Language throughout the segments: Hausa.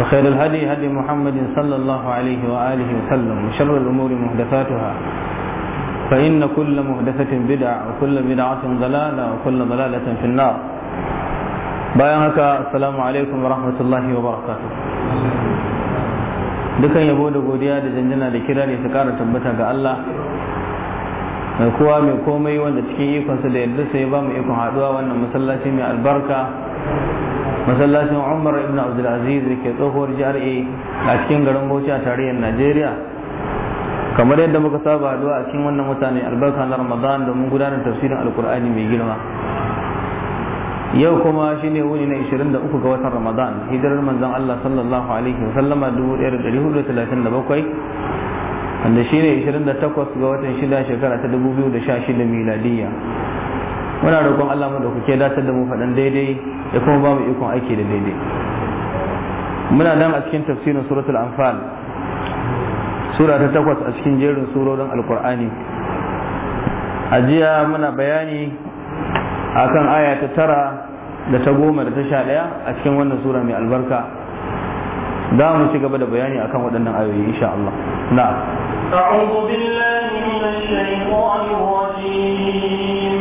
وخير الهدي هدي محمد صلى الله عليه وآله وسلم وشر الأمور محدثاتها فإن كل محدثة بدعة وكل بدعة ضلالة وكل ضلالة في النار bayan haka assalamu alaikum wa rahmatullahi dukan yabo da godiya da janjana da kira ne su kara tabbata ga Allah mai kowa mai komai wanda cikin ikonsa da yadda sai ba mu ikon haduwa wannan masallaci mai albarka masallacin umar ibn abdulaziz da ke tsohuwar jihar a cikin garin bauchi a tarihin najeriya kamar yadda muka saba haduwa a cikin wannan mutane albarka na ramadan domin gudanar tafsirin alkur'ani mai girma yau kuma shine wuni na 23 ga watan ramadan hijirar manzon allah sallallahu alaihi wasallama 1437 wanda shine 28 ga watan shida shekara ta 2016 miladiyya muna roƙon Allah mu da kuke datar da mu faɗan daidai da kuma ba mu ikon aiki da daidai muna nan a cikin tafsirin suratul anfal sura ta takwas a cikin jerin surorin alkur'ani ajiya muna bayani akan aya ta tara da ta goma da ta sha ɗaya a cikin wannan sura mai albarka za mu ci gaba da bayani akan waɗannan ayoyi insha Allah na'am أعوذ بالله من الشيطان الرجيم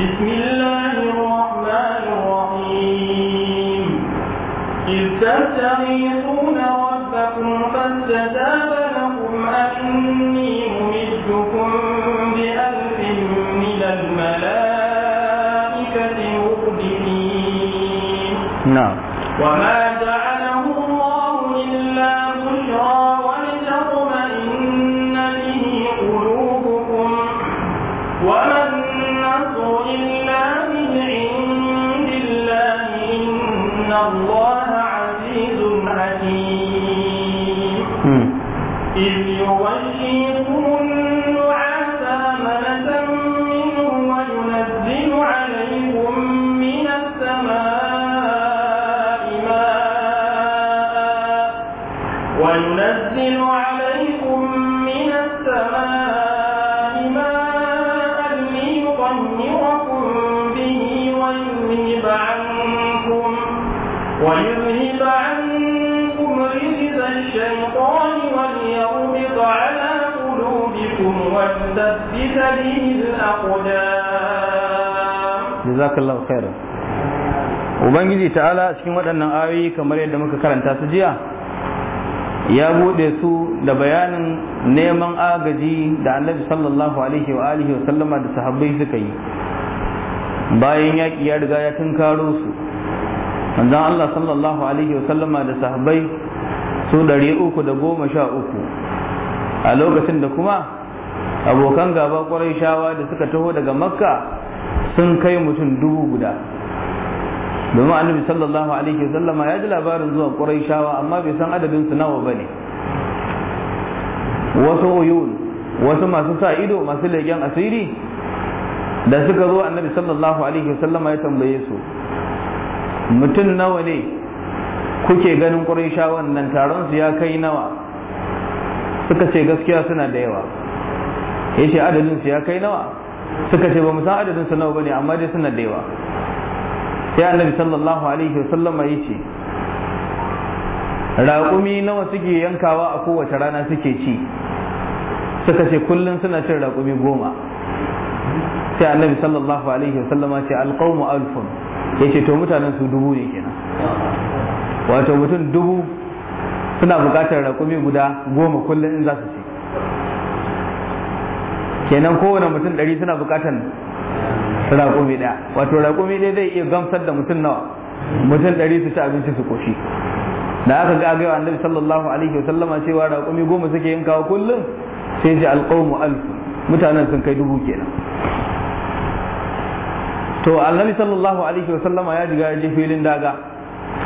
بسم الله الرحمن الرحيم إذ تستغيثون ربكم فاستجاب لكم أني ممدكم بألف من الملائكة مردفين نعم وما جعله الله إلا بشرى الله عزيز حكيم إذ يغيكم jazakallahu khairan ubangiji ta'ala cikin waɗannan ayoyi kamar yadda muka karanta su jiya ya bude su da bayanin neman agaji da annabi sallallahu alaihi wa alihi wa sallama da sahabbai suka yi bayan yaƙi ya riga ya tunkaro su manzon Allah sallallahu alaihi wa sallama da sahabbai su ɗari uku da goma sha uku a lokacin da kuma abokan gaba ƙwarai shawa da suka taho daga makka sun kai mutum dubu guda domin annabi sallallahu alaihi sallama ya ji labarin zuwa quraishawa amma bai san adadin su nawa bane wasu uyun wasu masu sa ido masu legen asiri da suka zo annabi sallallahu alaihi sallama ya tambaye su mutum nawa ne kuke ganin quraishawan nan taron su ya kai nawa suka ce gaskiya suna da yawa yace adadin su ya kai nawa suka ce ba mu san adadin su nawa bane amma dai suna da yawa sai annabi sallallahu alaihi wasallam ya ce raƙumi nawa suke yankawa a kowace rana suke ci suka ce kullum suna cin raƙumi goma sai annabi sallallahu alaihi wasallama ce alqawmu alfun yace to mutanen su dubu ne kenan wato mutum dubu suna buƙatar raƙumi guda goma kullum in za su ci kenan kowane mutum ɗari suna bukatan raƙumi ɗaya wato raƙumi ɗaya zai iya gamsar da mutum nawa mutum ɗari su ci abinci su koshi da aka ga gaiwa annabi sallallahu alaihi wa sallama cewa raƙumi goma suke yin kawo kullum sai ji alƙawmu alfu mutanen sun kai dubu kenan to annabi sallallahu alaihi wa sallama ya riga ya je filin daga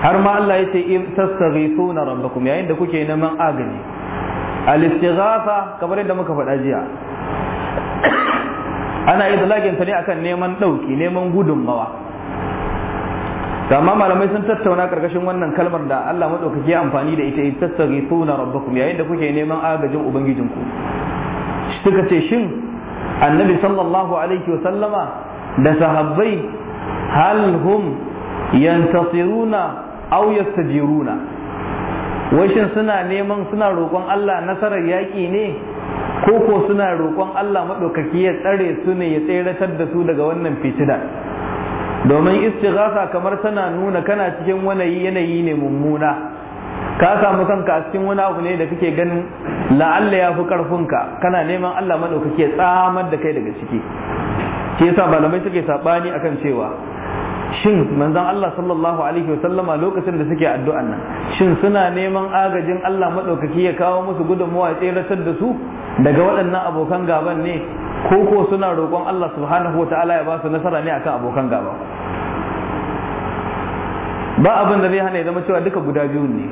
har ma Allah ya ce in tastaghithuna rabbakum yayin da kuke neman agaji al-istighatha kamar yadda muka faɗa jiya ana idlagin ta ne akan neman ɗauki neman gudunmawa amma malamai sun tattauna karkashin wannan kalmar da Allah madaukaki ya amfani da ita ita tasarifuna rabbakum yayin da kuke neman agajin ubangijinku suka ce shin annabi sallallahu alaihi wa sallama da sahabbai hal hum yantasiruna aw yastajiruna wai shin suna neman suna roƙon Allah nasarar yaƙi ne ko ko suna roƙon Allah maɗaukaki ya tsare su ne ya tseratar da su daga wannan fitina domin istighasa kamar tana nuna kana cikin wani yanayi ne mummuna ka samu kanka a cikin wani abu ne da kake ganin la'alla ya fi karfinka kana neman Allah maɗaukaki ya tsamar da kai daga ciki shi yasa malamai suke saɓani akan cewa shin manzon Allah sallallahu alaihi wa sallama lokacin da suke addu'an nan shin suna neman agajin Allah madaukaki ya kawo musu gudunmuwa ya tseratar da su daga waɗannan abokan gaban ne ko ko suna roƙon Allah subhanahu wa ta'ala ya ba su nasara ne akan abokan gaba ba abin da zai hana ya zama cewa duka guda biyun ne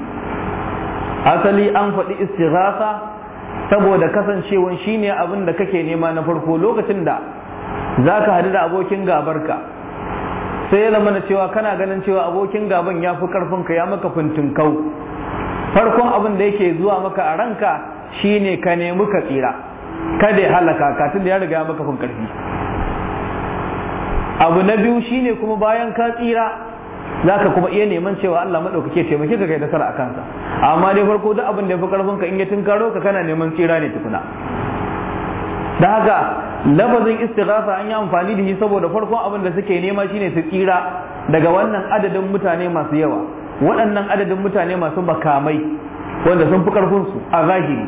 asali an faɗi istighatha saboda kasancewan shine abin da kake nema na farko lokacin da zaka hadu da abokin gabarka sai ya zama cewa kana ganin cewa abokin gaban ya fi karfinka ya maka kau farkon abin da yake zuwa maka a ranka shine ka nemi ka tsira kada ya halaka katin da ya riga ya maka fin karfi abu na biyu shine kuma bayan ka tsira za ka kuma iya neman cewa Allah maɗaukake taimake ka kai nasara a kansa amma dai farko duk abin da ya fi karfinka in ya tunkaro ka kana neman tsira ne tukuna da haka lafazin istighatha an yi amfani da shi saboda farkon abin da suke nema shine su tsira daga wannan adadin mutane masu yawa waɗannan adadin mutane masu makamai wanda sun fi karfin su a zahiri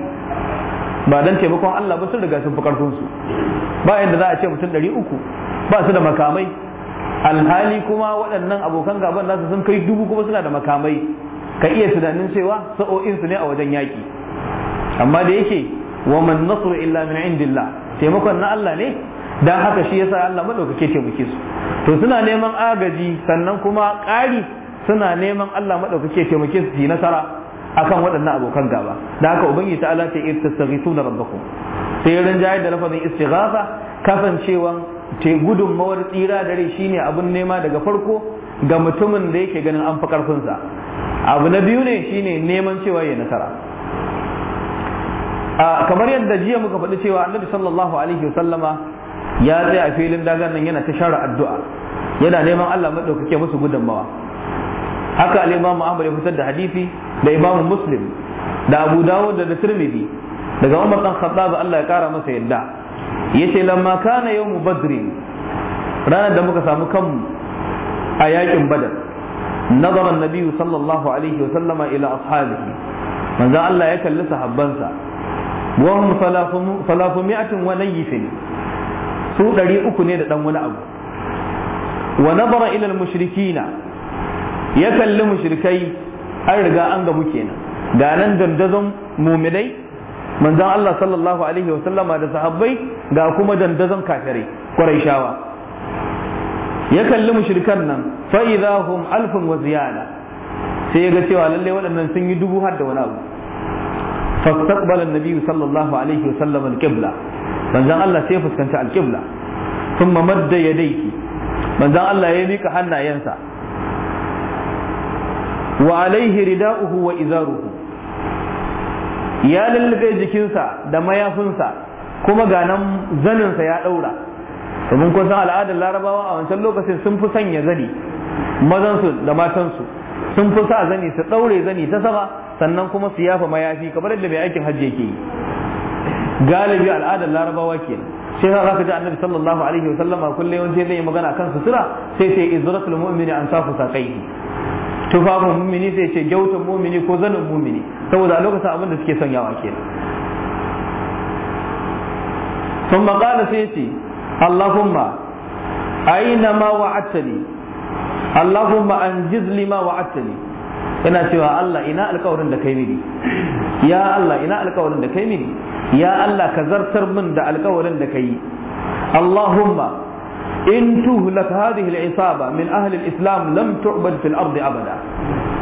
ba dan taimakon Allah ba sun riga sun fi karfin su ba yadda za a ce mutum ɗari uku ba su da makamai alhali kuma waɗannan abokan gaban nasu sun kai dubu kuma suna da makamai ka iya tunanin cewa sa'o'in su ne a wajen yaki amma da yake wa man nasru illa min indillah taimakon na Allah ne dan haka shi yasa Allah madaukake taimake su to suna neman agaji sannan kuma ƙari suna neman Allah madaukake taimake su ji nasara akan waɗannan abokan gaba da haka ubangiji ta ala ta yi tastaghithuna rabbakum sai ran jayar da lafazin istighafa kasancewan te gudunmawar tsira dare shine abun nema daga farko ga mutumin da yake ganin an fi karfinsa abu na biyu ne shine neman cewa ya nasara kamar yadda jiya muka faɗi cewa annabi sallallahu alaihi wasallama ya tsaya a filin dagar nan yana ta share addu'a yana neman Allah madaukake musu gudunmawa haka al-Imam Ahmad ya fitar da hadisi da Imam Muslim da Abu Dawud da Tirmidhi daga Umar dan Khattab Allah ya kara masa yadda yace lamma kana yawmu badr ranar da muka samu kanmu a yakin badar nazara an-nabi sallallahu alaihi wa sallama ila ashabihi manzo Allah ya kalli sahabbansa wahum salafu mi'atin wa nayyifin su ɗari uku ne da ɗan wani abu wa nazara ila mushrikina ya kalli mushrikai an riga an muke kenan ga nan dandazon muminai manzon Allah sallallahu alaihi wa sallama da sahabbai ga kuma dandazon kafirai quraishawa ya kalli mushrikan nan fa idahum alfun wa ziyada sai ya ga cewa lalle waɗannan sun yi dubu har da wani abu fastaqbala an-nabi sallallahu alaihi wasallam al-qibla manzon Allah sai fuskanci al-qibla thumma madda yadayhi manzon Allah ya mika hannayensa wa alaihi rida'uhu wa izaruhu ya lullube jikinsa da mayafinsa kuma ga zaninsa ya ɗaura, domin kusan al'adar larabawa a wancan lokacin sun fi sanya zani mazansu da matansu sun fi sa zani su daure zani ta sama sannan kuma su yafa mayafi kamar yadda mai aikin hajji yake yi galibi al'adar larabawa ke sai za ka ji annabi sallallahu alaihi wa sallam kullum yawanci zai yi magana kan sutura sai sai izratul mu'mini an safu sakai tufafin mu'mini sai ce gyautan mu'mini ko zanin mu'mini saboda a lokacin abin da suke sanyawa kenan ثم قال سيتي اللهم أينما وعدتني اللهم أنجز لما وعدتني yana cewa Allah ina alkawarin da kai mini ya Allah ina alkawarin da kai mini ya Allah ka zartar min da alkawarin da kai Allahumma in tuhlak hadhihi al-isaba min ahli al-islam lam tu'bad fil ardi abada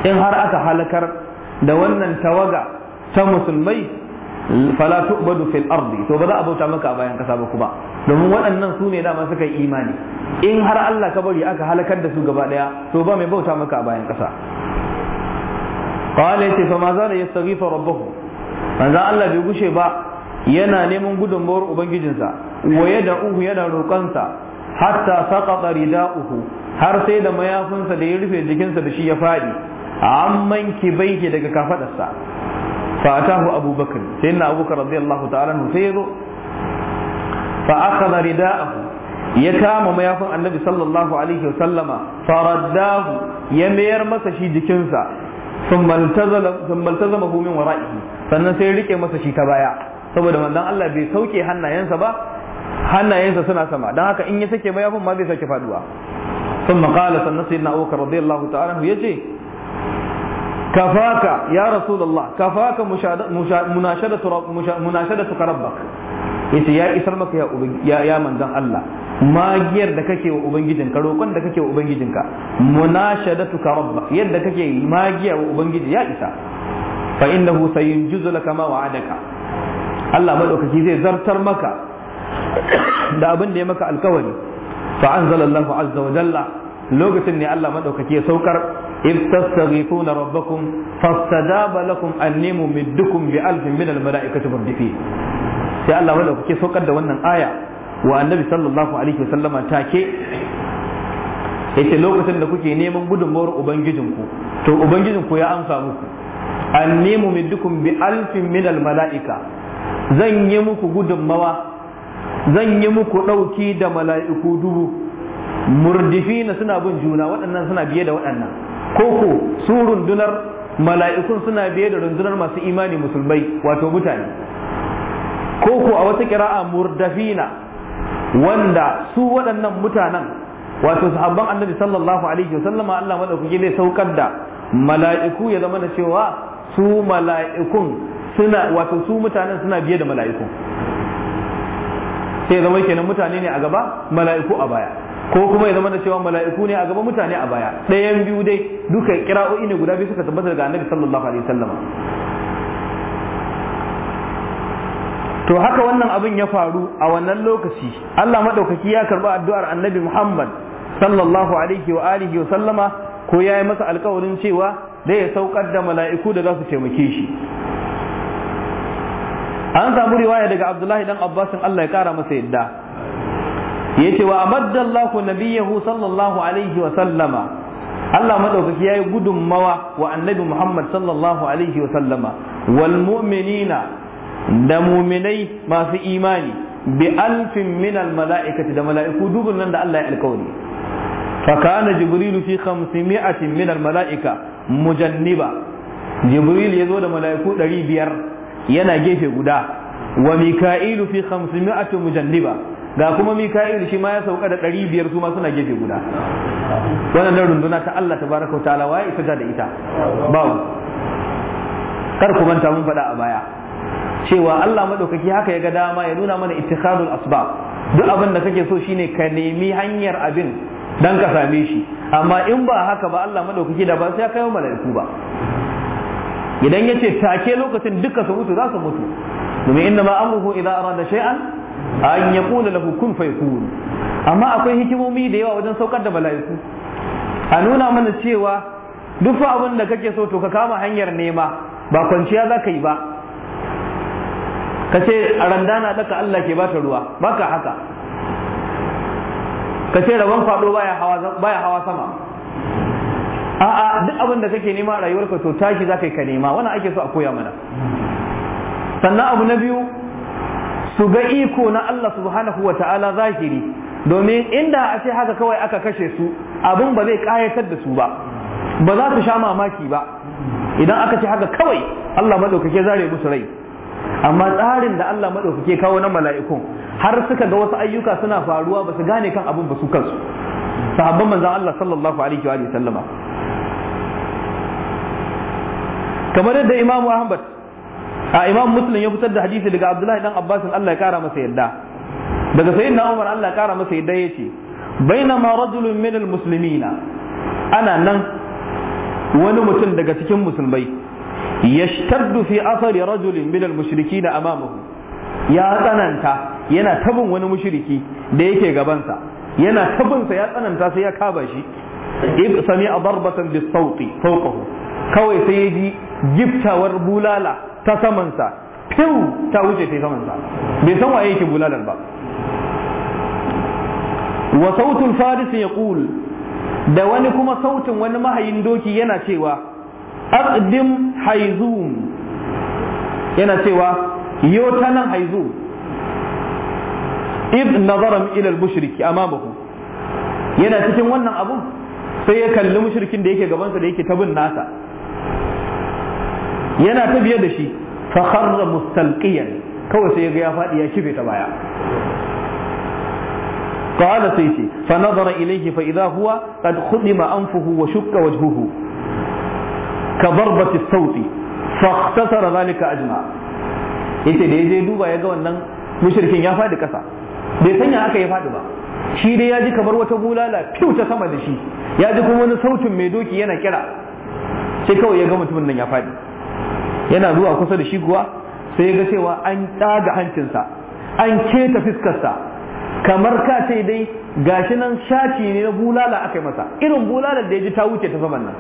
in har aka halakar da wannan tawaga ta musulmai fala tu'badu fil ardi to ba za a bauta maka a bayan kasa ba kuma domin waɗannan su ne dama suka yi imani in har Allah ka bari aka halakar da su gaba daya to ba mai bauta maka a bayan kasa qala yace fa ma zala yastaghithu rabbahu manzo Allah bai gushe ba yana neman gudunmawar ubangijinsa wa yad'uhu yana roƙansa hatta saqata rida'uhu har sai da mayafinsa da ya rufe jikinsa da shi ya fadi amman kibaiki daga kafadarsa fa atahu abubakar sai na abubakar radiyallahu ta'ala anhu sai yazo fa akhadha rida'ahu ya kama mayafin annabi sallallahu alaihi wa sallama. faraddahu ya mayar masa shi jikinsa Sun ثم التزمه من ورائه sannan sai rike masa shi ta baya saboda manzon Allah bai sauke hannayensa ba hannayensa suna sama don haka in ya sake kuma ma zai sake faduwa sun maƙala sannan sai na abokan radiyallahu ta'ala ya ce kafaka ya rasu rasulallah kafaka da su karabbak yace ya isar maka ya ya, ya manzon Allah magiyar da kake wa ubangijinka roƙon da kake wa ubangijinka munashadatuka rabba yadda kake magiya wa ubangiji ya isa fa innahu sayunjizu laka ma wa'adaka Allah madaukaki zai zartar maka da abin da ya maka alkawari fa anzalallahu azza wa jalla lokacin ne Allah madaukaki ya saukar in tastaghifuna rabbakum fastajaba lakum anni mumiddukum bi alfin min almalaikati murdifin sai Allah wanda kuke saukar da wannan aya wa annabi sallallahu alaihi wasallama take yace lokacin da kuke neman gudunmawar ubangijinku to ubangijinku ya amsa muku anni mumiddukum bi alfin min al mala'ika zan yi muku gudunmawa zan yi muku dauki da mala'iku dubu murdifina suna bin juna waɗannan suna biye da waɗannan koko su rundunar mala'ikun suna biye da rundunar masu imani musulmai wato mutane ko ko a wata kira'a murdafina wanda su waɗannan mutanen wato sahabban annabi sallallahu alaihi wasallam Allah madaukaki ne saukar da mala'iku ya zama da cewa su mala'ikun suna wato su mutanen suna biye da mala'ikun sai zama kenan mutane ne a gaba mala'iku a baya ko kuma ya zama da cewa mala'iku ne a gaba mutane a baya ɗayan biyu dai duka kira'o'i ne guda biyu suka tabbata daga annabi sallallahu alaihi wasallam to haka wannan abin ya faru a wannan lokaci Allah maɗaukaki ya karɓi addu'ar annabi Muhammad sallallahu alaihi wa alihi wa sallama ko ya yi masa alkawarin cewa da ya saukar da mala'iku da za su taimake shi an samu riwaya daga Abdullahi dan Abbasin Allah ya kara masa yadda ce wa amadallahu nabiyahu sallallahu alaihi wa sallama Allah maɗaukaki ya yi gudunmawa wa annabi Muhammad sallallahu alaihi wa sallama wal mu'minina da muminai masu imani bi alfin min al mala'ikati da mala'iku dubun nan da Allah ya alkawari fa kana jibrilu fi 500 min al mala'ika mujanniba jibril yazo da mala'iku 500 yana gefe guda wa mika'ilu fi 500 mujanniba ga kuma mika'il shi ma ya sauka da 500 biyar su ma suna gefe guda wannan runduna ta Allah ta wa ta'ala waye ita da ita bawo kar ku manta mun faɗa a baya cewa Allah madaukaki haka ya ga dama ya nuna mana ittikhadul asbab duk abin da kake so shine ka nemi hanyar abin dan ka same shi amma in ba haka ba Allah madaukaki da ba sai kai malaiku ba idan yace take lokacin duka su mutu za su mutu domin inna ma amruhu idza arada shay'an an yaqula lahu kun fayakun amma akwai hikimomi da yawa wajen saukar da malaiku a nuna mana cewa duk abin da kake so to ka kama hanyar nema ba kwanciya za ka yi ba ka ce a randana daka Allah ke baka ruwa baka haka ka ce rabon faɗo baya hawa sama a'a duk abin da kake nema a rayuwarka to tashi za ka yi ka nema wannan ake so a koya mana sannan abu na biyu su ga iko na Allah subhanahu wa ta'ala zahiri domin inda a ce haka kawai aka kashe su abun ba zai kayatar da su ba ba za su sha mamaki ba idan aka ce haka kawai Allah maɗaukake zare musu rai amma tsarin da Allah madaukake kawo na mala'ikun har suka ga wasu ayyuka suna faruwa ba su gane kan abin ba su kansu sahabban manzon Allah sallallahu alaihi wa sallama kamar yadda imamu Ahmad a Imam Muslim ya fitar da hadisi daga Abdullahi dan Abbas Allah ya kara masa yadda daga sayyidina Umar Allah ya kara masa yadda yace bainama rajulun min al-muslimina ana nan wani mutum daga cikin musulmai yashtaddu fi asar rajulin min al-mushrikin amamahu ya tsananta yana tabin wani mushriki da yake gabansa yana tabinsa ya tsananta sai ya kaba shi ib sami a darbatan bis sauti kawai sai ya ji giftawar bulala ta samansa fiw ta wuce ta samansa bai san waye yake bulalar ba wa sautul ya yaqul da wani kuma sautin wani mahayin doki yana cewa aqdim haizum yana cewa yo ta nan haizu id nazara ila al-mushriki amamahu yana cikin wannan abun sai ya kalli mushrikin da yake gabansa da yake tabin nasa yana ta biye da shi fa kharra mustalqiyan kawai sai ya ga ya fadi ya kife ta baya qala sai ce fa nazara ilayhi fa idha huwa qad khudima anfuhu wa shukka wajhuhu كضربة الصوت فاختصر ذلك أجمع yace da ya je duba ya ga wannan mushrikin ya fadi kasa bai sanya aka ya fadi ba shi dai ya ji kamar wata bulala fiw ta sama da shi ya ji kuma wani sautin mai doki yana kira sai kawai ya ga mutumin nan ya fadi yana zuwa kusa da shi kuwa sai ya ga cewa an daga hancinsa an keta fiskarsa kamar ka ce dai gashi nan shaci ne na bulala aka yi masa irin bulalar da ya ji ta wuce ta saman nan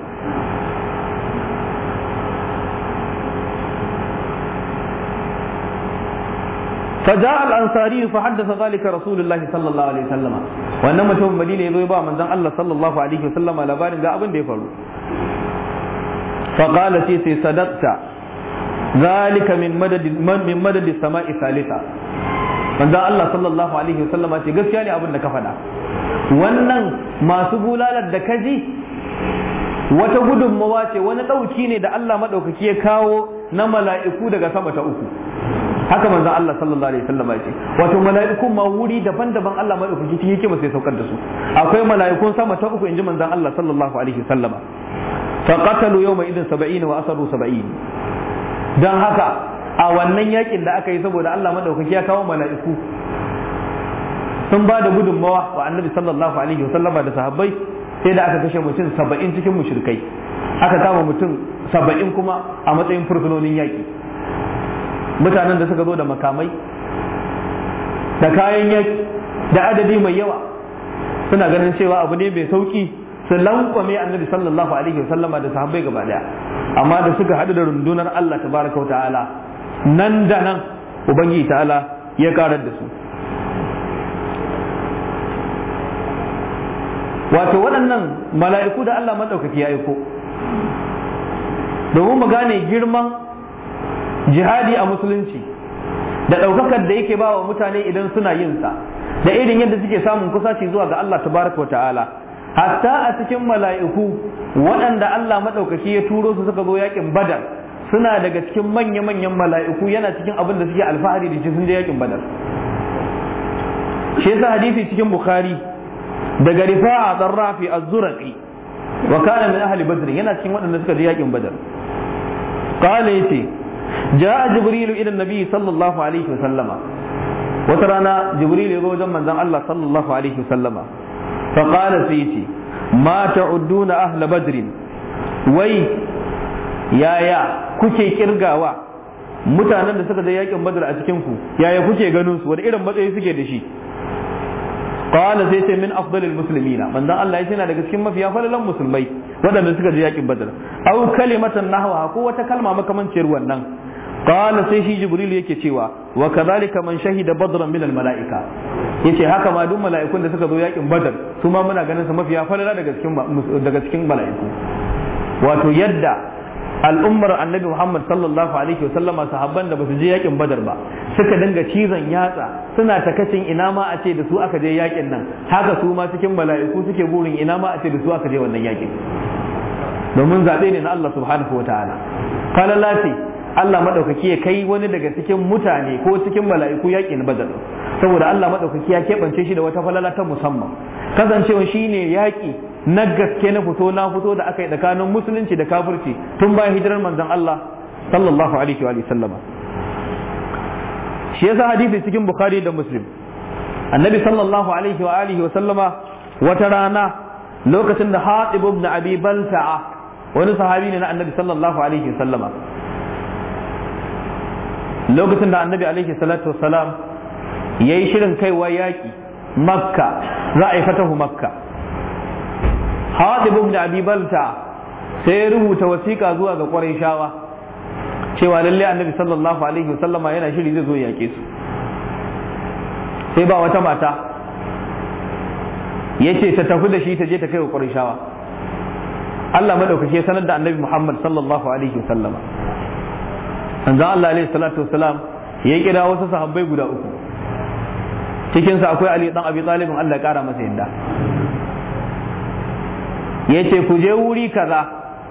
فجاء الأنصاري فحدث ذلك رسول الله صلى الله عليه وسلم وأن متوب مدينة يزوي بها من الله صلى الله عليه وسلم على بار ذا أبن ديفرو فقال سيسي صدقت ذلك من مدد من مدد السماء الثالثة من ذا الله صلى الله عليه وسلم أتي قلت يعني أبن كفنا wannan masu bulalar da kaji wata gudunmawa ce wani ɗauki ne da Allah maɗaukaki ya kawo na mala'iku daga sama ta uku haka manzo Allah sallallahu alaihi wasallam ya ce wato mala'iku ma wuri daban-daban Allah madaukaki yake masa ya saukar da su akwai mala'ikun sama ta uku inji manzo Allah sallallahu alaihi wasallama fa qatalu yawma idin 70 wa asaru 70 dan haka a wannan yakin da aka yi saboda Allah madaukaki ya kawo mala'iku sun ba da gudunmawa wa annabi sallallahu alaihi wasallama da sahabbai sai da aka kashe mutum saba'in cikin mushrikai aka kama mutum saba'in kuma a matsayin fursunonin yaƙi mutanen da suka zo da makamai da kayan yaki da adadi mai yawa suna ganin cewa abu ne mai sauki su lankwame annabi sallallahu alaihi wasallama da sahabbai gaba daya amma da suka hadu da rundunar Allah tabaraka wa ta'ala nan da nan ubangiji ta'ala ya karar da su wato waɗannan mala'iku da Allah madaukaki ya aiko domin mu gane girman jihadi a musulunci da ɗaukakar da yake bawa mutane idan suna yin sa da irin yadda suke samun kusaci zuwa ga Allah tabaraka wa ta'ala hatta a cikin mala'iku waɗanda Allah maɗaukaki ya turo su suka zo yakin badar suna daga cikin manya-manyan mala'iku yana cikin abin da suke alfahari da sun je yakin badar shi yasa hadisi cikin bukhari daga rifa'a tsarrafi az-zurqi wa kana min ahli badr yana cikin waɗanda suka je yakin badar qala yace ja'a jibrilu ila nabi sallallahu alaihi wasallama wata rana jibrilu ya zo wajen manzon Allah sallallahu alaihi wasallama fa qala sai ce ma ta'udduna ahla badrin wai yaya kuke kirgawa mutanen da suka je yaƙin badar a cikin ku yaya kuke ganin su wani irin matsayi suke da shi qala sai ce min afdalil muslimina manzon Allah ya yana daga cikin mafiya falalan musulmai waɗanda suka je yakin badar au kalimatan nahwa ko wata kalma makamanciyar wannan qala sai shi jibril yake cewa wa kadhalika man shahida badran min al malaika yace haka ma duk mala'ikun da suka zo yakin badar su ma muna ganin su mafiya falala daga cikin daga cikin mala'iku wato yadda al'ummar annabi muhammad sallallahu alaihi wasallam sahabban da basu je yakin badar ba suka dinga cizon yatsa suna takacin ina ma a ce da su aka je yakin nan haka su ma cikin mala'iku suke burin ina ma a ce da su aka je wannan yakin domin zaɓe ne na Allah subhanahu wa ta'ala Kala Allah maɗaukaki ya kai wani daga cikin mutane ko cikin mala'iku yakin badar saboda Allah maɗaukaki ya keɓance shi da wata falala ta musamman kasancewa shine yaƙi na gaske na fito na fito da aka yi tsakanin musulunci da kafirci tun bayan hijirar manzon Allah sallallahu alaihi wa sallama shi yasa hadisi cikin bukhari da muslim annabi sallallahu alaihi wa alihi wa sallama wata rana lokacin da hatib ibn abi balta'a wani sahabi ne na annabi sallallahu alaihi wa sallama lokacin da annabi alaihi salatu wa salam yayi shirin kaiwa yaki makka za a yi fatahu makka hadib ibn abi balta sai ya rubuta wasiƙa zuwa ga quraishawa cewa lalle annabi sallallahu alaihi wasallama yana shiri zai zo yake su sai ba wata mata yace ta tafi da shi ta je ta kai wa quraishawa Allah madaukake sanar da annabi Muhammad sallallahu alaihi wasallama manzo Allah alaihi salatu wasalam ya kira wasu sahabbai guda uku cikinsa akwai Ali dan Abi Talib Allah ya kara masa yadda ya ce ku je wuri kaza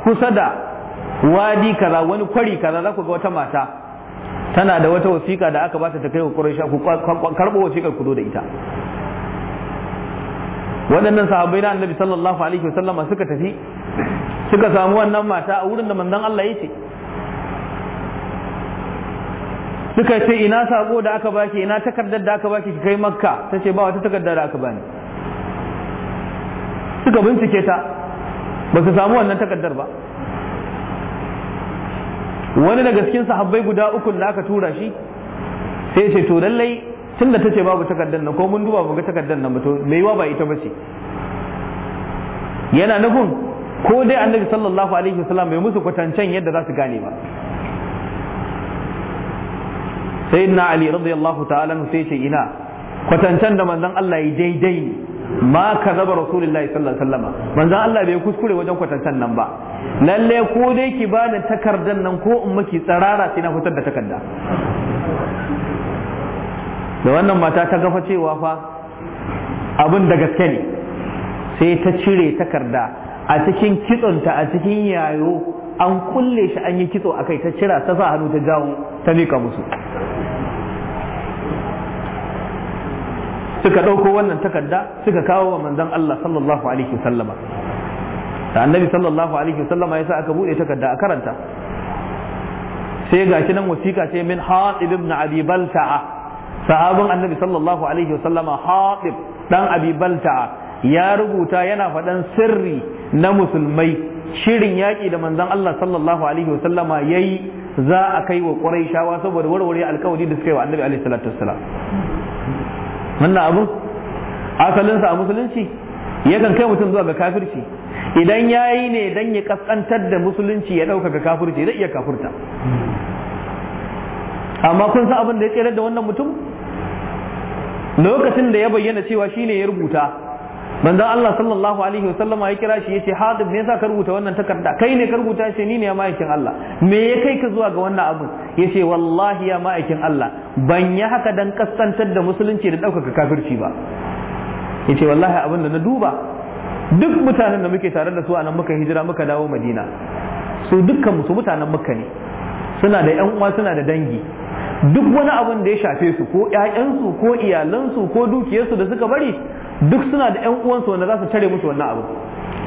kusa da wadi kaza wani kwari kaza za ku ga wata mata tana da wata wasiƙa da aka ba ta kai wa ƙuraisha ku karɓo wasiƙar ku da ita waɗannan sahabbai na annabi sallallahu alaihi wasallam suka tafi suka samu wannan mata a wurin da manzon Allah ya ce suka ce ina sabo da aka baki ina takardar da aka baki ki kai makka tace ba wata takardar da aka bani suka bincike ta ba su samu wannan takardar ba wani daga cikin sahabbai guda uku da aka tura shi sai ce to lallai tun da ce babu takardar nan ko mun duba mu ga takardar nan to me yiwa ba ita bace yana nufin ko dai annabi sallallahu alaihi wasallam bai musu kwatancen yadda za su gane ba sayyidina ali radiyallahu ta'ala sai ce ina kwatancen da manzon Allah ya daidai ma ka zaba rasulullahi sallallahu alaihi wasallam manzo Allah bai kuskure wajen kwatantan nan ba lalle ko dai ki bani takardar nan ko in miki tsarara sai na fitar da takarda da wannan mata ta gafa cewa fa abin da gaske ne sai ta cire takarda a cikin kitsonta a cikin yayo an kulle shi an yi kitso akai ta cira ta sa hannu ta jawo ta mika musu suka ɗauko wannan takarda suka kawo wa manzon Allah sallallahu alaihi wasallama da annabi sallallahu alaihi wasallama yasa aka bude takarda a karanta sai gashi nan wasiƙa ce min Hatib ibn Abi Balta'a sahabin annabi sallallahu alaihi wasallama Hatib dan Abi Balta'a ya rubuta yana faɗan sirri na musulmai shirin yaƙi da manzon Allah sallallahu alaihi wasallama yayi za a kai wa Qurayshawa saboda warware alƙawari da suka yi wa annabi alaihi salatu wassalam wannan abun asalinsa a musulunci yakan kai mutum zuwa ga kafirci idan ya yi ne don ya kaskantar da musulunci ya ɗaukaka kafirci zai iya kafurta amma kun san abin da ya tsere da wannan mutum lokacin da ya bayyana cewa shine ya rubuta manzon Allah sallallahu alaihi wasallama ya kira shi yace hadim me yasa ka rubuta wannan takarda kai ne ka rubuta shi ni ne ya ma'aikin Allah me ya kai ka zuwa ga wannan Ya yace wallahi ya ma'aikin Allah ban yi haka dan kasantar da musulunci da daukaka kafirci ba yace wallahi abin da na duba duk mutanen da muke tare da su a nan muka hijira muka dawo Madina su dukkan musu mutanen Makka ne suna da yan uwa suna da dangi duk wani abin da ya shafe su ko ƴaƴansu ko iyalansu ko dukiyarsu da suka bari duk suna da ƴan uwansu wanda za su tare musu wannan abu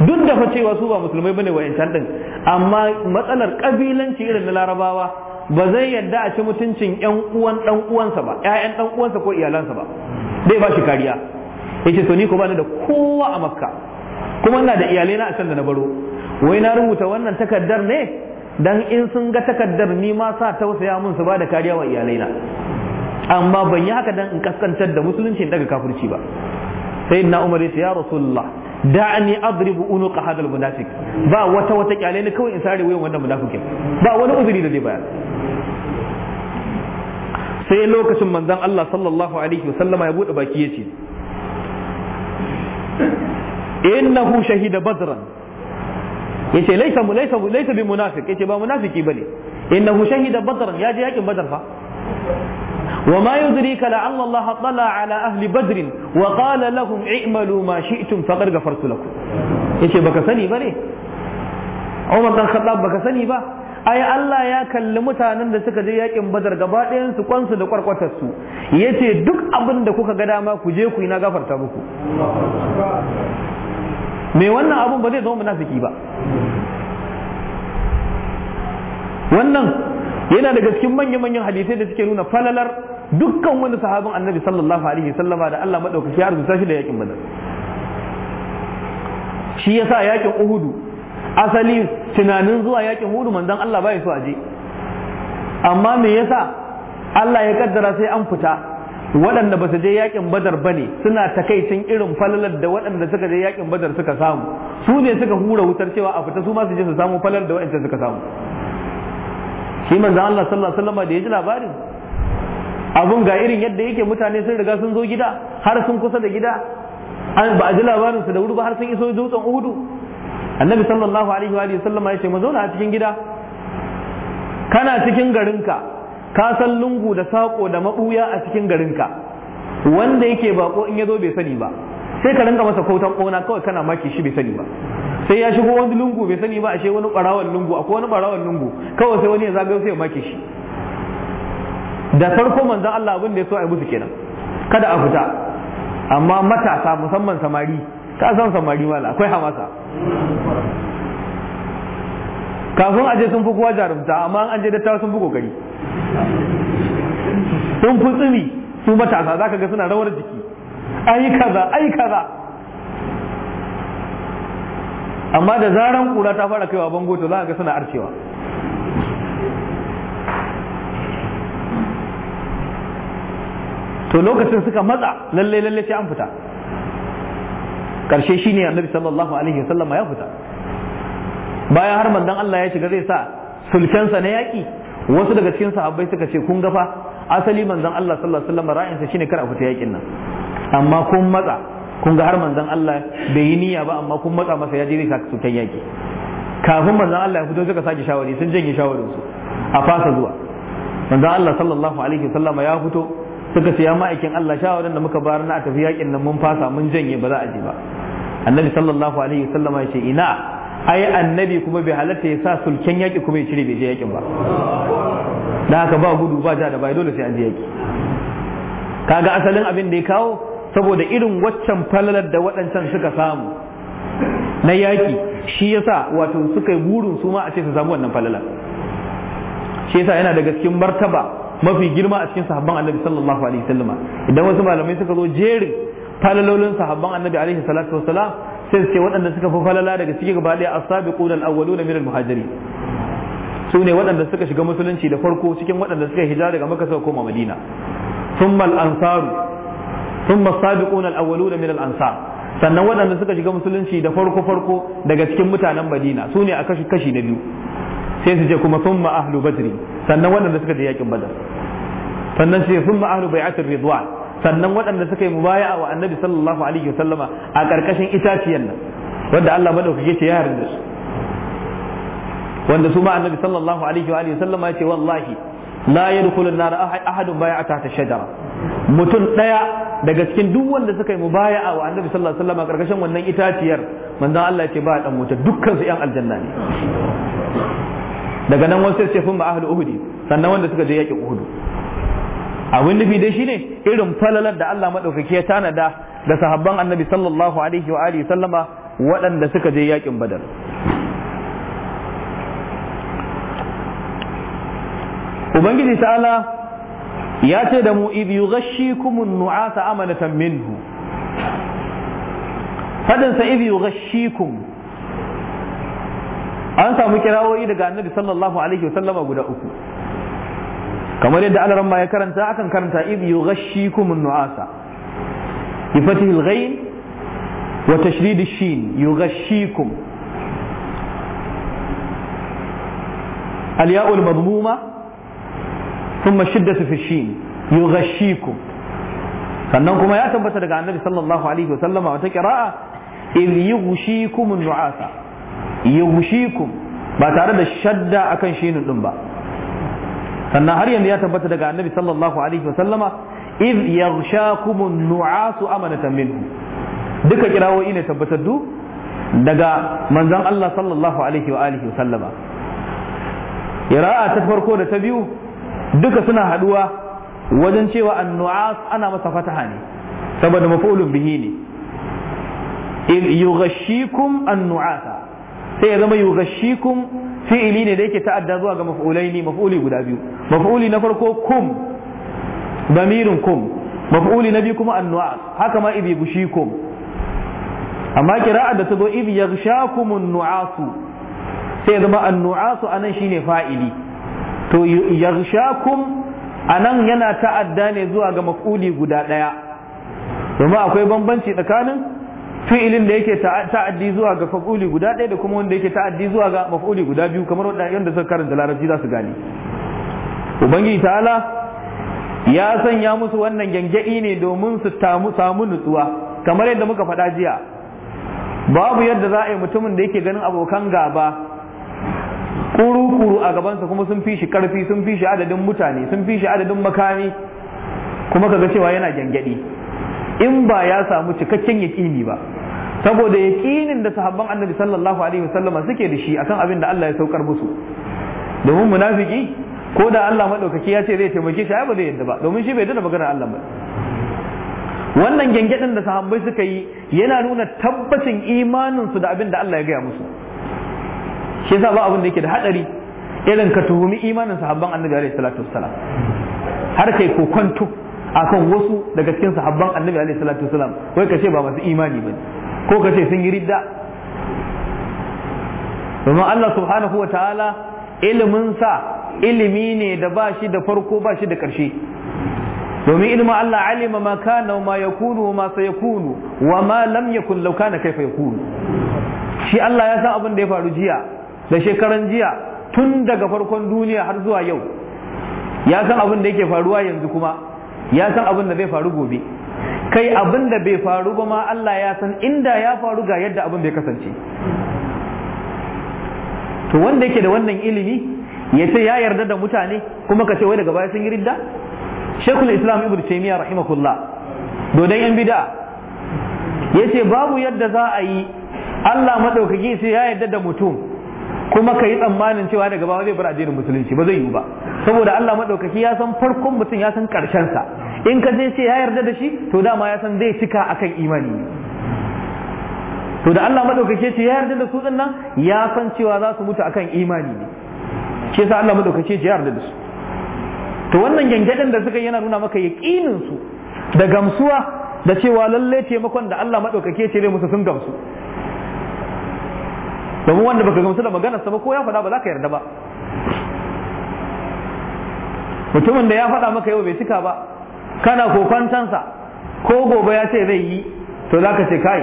duk da fa cewa su ba musulmai bane wayancan din amma matsalar kabilanci irin na larabawa ba zai yadda a ci mutuncin ƴan uwan dan uwansa ba ƴaƴan dan uwansa ko iyalansa ba zai ba shi kariya yace to ni ko bani da kowa a makka kuma ina da iyalai na a can da na baro wai na rubuta wannan takardar ne dan in sun ga takardar ni ma sa tausaya mun su ba da kariya wa iyalaina amma ban yi haka dan in kaskantar da musulunci daga kafirci ba sayyidina umar ya ce ya rasulullah da'ani adribu unuqa hadha almunafiq ba wata wata kyale ne kawai in sare wannan munafikin ba wani uzuri da zai bayar sai lokacin manzon Allah sallallahu alaihi wasallama ya bude baki yace shahida badran yace laysa laysa laysa bi munafiq yace ba munafiki bane innahu shahida badran ya je yakin badar fa وما يدريك لعل الله اطلع على أهل بدر وقال لهم اعملوا ما شئتم فقد غفرت لكم yace baka sani ba ne Umar dan Khattab baka sani ba ai Allah ya kalli mutanen da suka je yakin Badar gaba ɗayan su kwansu da kwarkwatar su yace duk abin da kuka ga dama ku je ku yi na gafarta muku me wannan abun ba zai zama munafiki ba wannan yana daga cikin manya-manyan hadisai da suke nuna falalar dukkan wani sahabin annabi sallallahu alaihi sallama da Allah maɗaukaki ya arzuta shi da yakin badar shi ya sa yakin uhudu asali tunanin zuwa yakin uhudu manzon Allah bai so aje amma me yasa Allah ya kaddara sai an fita waɗanda ba su je yakin badar ba ne suna takaicin irin falalar da waɗanda suka je yakin badar suka samu su ne suka hura wutar cewa a fita su ma su je su samu falalar da waɗanda suka samu shi manzo Allah sallallahu alaihi wasallam da ya ji labarin abun ga irin yadda yake mutane sun riga sun zo gida har sun kusa da gida an ba a ji labarin su da wuri ba har sun iso dutsen uhudu annabi sallallahu alaihi wa sallama ya ce mu zauna a cikin gida kana cikin garinka ka san lungu da sako da mabuya a cikin garinka wanda yake bako in ya zo bai sani ba sai ka rinka masa kautan kona kawai kana maki shi bai sani ba sai ya shigo wani lungu bai sani ba ashe wani barawan lungu akwai wani barawan lungu kawai sai wani ya zagayo sai ya maki shi da farko manzon Allah abin da ya so a musu kenan kada a fita amma matasa musamman samari ka san samari mala akwai hamasa kafin aje sun fi kuwa jarumta amma an je dattawa sun fi kokari sun fi tsini su matasa za ka ga suna rawar jiki ai kaza ai kaza amma da zaran kura ta fara kaiwa bango to za ka ga suna arcewa to lokacin suka matsa lalle lalle sai an fita karshe shine annabi sallallahu alaihi wasallam ya fita bayan har manzon Allah ya shiga zai sa sulkensa na yaki wasu daga cikin sahabbai suka ce kun gafa asali manzon Allah sallallahu alaihi wasallam ra'ayinsa shine kar a fita yakin nan amma kun matsa kun ga har manzon Allah bai yi niyya ba amma kun matsa masa ya je zai saka sulken yaki kafin manzon Allah ya fito suka saki shawari sun janye shawarin su a fasa zuwa manzon Allah sallallahu alaihi wasallam ya fito suka siya ma'aikin Allah shawarar da muka bayar na a tafi yakin nan mun fasa mun janye ba za a je ba annabi sallallahu alaihi wasallama ya ce ina ai annabi kuma bai halatta ya sa sulken yaki kuma ya cire bai je yakin ba da haka ba gudu ba ja da bai dole sai an je yaki kaga asalin abin da ya kawo saboda irin waccan falalar da waɗancan suka samu na yaki shi yasa wato suka yi burin su ma a ce su samu wannan falalar shi yasa yana daga cikin martaba mafi girma a cikin sahabban annabi sallallahu alaihi wasallam idan wasu malamai suka zo jerin falalolin sahabban annabi alaihi salatu wasalam sai ce waɗanda suka fi falala daga cikin gaba ɗaya as-sabiqun al-awwalun min al-muhajirin su ne waɗanda suka shiga musulunci da farko cikin waɗanda suka hijira daga makka suka koma madina thumma al-ansaru thumma as-sabiqun al-awwalun min al-ansar sannan waɗanda suka shiga musulunci da farko farko daga cikin mutanen madina su ne a kashi kashi na biyu sai su ce kuma thumma ahlu badri sannan waɗanda suka je yakin badar sannan sai thumma ahlu bai'atir ridwan sannan waɗanda suka yi mubaya'a wa annabi sallallahu alaihi wa sallama a ƙarƙashin itaciyar nan wanda Allah madaukake ce ya harin da su wanda su ma annabi sallallahu alaihi wa alihi sallama yace wallahi la yadkhulu an-nar ahadun baya'a tahta shajara mutum daya daga cikin duk wanda suka yi mubaya'a wa annabi sallallahu alaihi wa a ƙarƙashin wannan itaciyar manzon Allah ya ce ba dan wuta dukkan su yan aljanna ne daga nan wasu ce fun ahlu uhudi sannan wanda suka je yaƙin uhudu abin nufi dai shine irin falalar da Allah madaukake ya tanada da sahabban annabi sallallahu alaihi wa alihi sallama waɗanda suka je yaƙin badar ubangiji ta'ala ya ce da mu idh yughashshikumun nu'asa amanatan minhu fadin sa idh yughashshikum an samu kirawoyi daga annabi sallallahu alaihi wasallama guda uku kamar yadda alaran ma ya karanta akan karanta id yughashshikum an-nu'asa bi fatih al-ghain wa tashdid ash-shin yughashshikum al-ya'u al-madmuma thumma shiddatu fi ash-shin yughashshikum sannan kuma ya tabbata daga annabi sallallahu alaihi wasallama wata qira'a id yughashshikum nuasa yughshikum ba tare da shadda akan shinin din ba sannan har yanzu ya tabbata daga annabi sallallahu alaihi wasallama iz yaghshakumun nu'asu amanatan minhu duka kirawoyi ne tabbatattu daga manzon Allah sallallahu alaihi wa alihi wasallama qira'a ta farko da ta biyu duka suna haduwa wajen cewa annu'as ana masa fataha ne saboda maf'ulun bihi ne iz yughashshikum annu'asa sai ya zama yughashshikum fi'ili ne da yake ta'adda zuwa ga maf'ulaini maf'uli guda biyu maf'uli na farko kum damirun kum maf'uli na biyu kuma annu'as haka ma ibi gushikum amma kira'a da ta zo ibi yaghshakum an sai ya zama an anan shine fa'ili to yaghshakum anan yana ta'adda ne zuwa ga maf'uli guda daya domin akwai bambanci tsakanin fi'ilin da yake ta'addi zuwa ga fa'uli guda ɗaya da kuma wanda yake ta'addi zuwa ga maf'uli guda biyu kamar wanda suka karanta larabci za su gani. ubangiji ta'ala ya sanya musu wannan gangadi ne domin su samu nutsuwa kamar yadda muka faɗa jiya babu yadda za a yi mutumin da yake ganin abokan gaba kuru-kuru a gabansa kuma sun fi shi karfi sun fi shi adadin mutane sun fi shi adadin makami kuma kaga cewa yana gyangyaɗi in ba ya samu cikakken yaƙini ba saboda yaƙinin da sahabban annabi sallallahu alaihi wasallama suke da shi akan abin da Allah ya saukar musu domin munafiki ko da Allah madaukaki ya ce zai taimake shi ai ba zai yadda ba domin shi bai da maganar Allah ba wannan gyangyaɗin da sahabbai suka yi yana nuna tabbacin imaninsu da abin da Allah ya gaya musu shi yasa ba abin da yake da hadari irin ka tuhumi imanin sahabban annabi alaihi salatu wassalam har kai kokonto akan wasu daga cikin sahabban annabi alaihi salatu wasalam wai kace ba masu imani bane ko kace sun yi ridda domin Allah subhanahu wa ta'ala ilimin sa ilimi ne da ba shi da farko ba shi da karshe domin ilimin Allah alima ma kana ma yakunu ma sayakunu wa ma lam yakun law kana kaifa yakunu shi Allah ya san abin da ya faru jiya da shekaran jiya tun daga farkon duniya har zuwa yau ya san abin da yake faruwa yanzu kuma ya san abin da bai faru gobe kai abin da bai faru ba ma Allah ya san inda ya faru ga yadda abin bai kasance to wanda yake da wannan ilimi ya ce ya yarda da mutane kuma ka ce wai daga baya sun yi ridda shekul islam ibn taymiya rahimahullah dodon yan bid'a ya ce babu yadda za a yi Allah maɗaukaki sai ya yarda da mutum kuma ka yi tsammanin cewa daga gaba zai bar addinin musulunci ba zai yiwu ba saboda Allah madaukaki ya san farkon mutum ya san karshen sa in ka je ce ya yarda da shi to dama ya san zai cika akan imani to da Allah madaukaki ce ya yarda da su din nan ya san cewa za su mutu akan imani ne shi yasa Allah madaukaki ce ya yarda da su to wannan gangadin da suka yana nuna maka yaqinin su da gamsuwa da cewa lalle taimakon da Allah madaukake ce ne musu sun gamsu domin wanda baka gamsu da maganarsa ba ko ya faɗa ba za ka yarda ba mutumin da ya faɗa maka yau bai cika ba kana kokwantansa ko gobe ya ce zai yi to za ka ce kai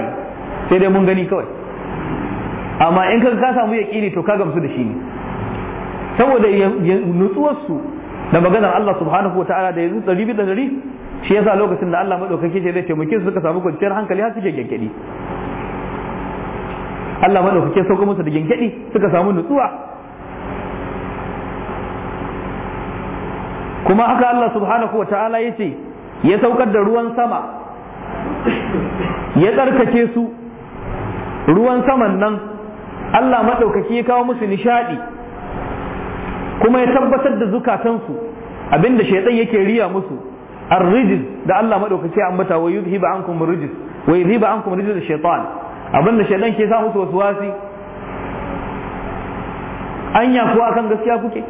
sai dai mun gani kawai amma in ka ka samu yaƙini to ka gamsu da shi ne saboda nutsuwarsu da maganar Allah subhanahu wa ta'ala da yanzu ɗari da ɗari shi yasa lokacin da Allah maɗaukaki ce zai taimake su suka samu kwanciyar hankali har suke gyangyaɗi Allah madaukake sauka musu da gengedi suka samu nutsuwa kuma haka Allah subhanahu wa ta'ala ya ce ya saukar da ruwan sama ya tsarkake su ruwan saman nan Allah maɗaukaki ya kawo musu nishaɗi kuma ya tabbatar da zukatansu abinda shaitan yake riya musu ar da Allah maɗaukaki ya ambata wa yuzhiba ankum rijis wa yuzhiba ankum rijis shaitan abin da shaidan ke sa musu wasu wasi anya kuwa akan gaskiya kuke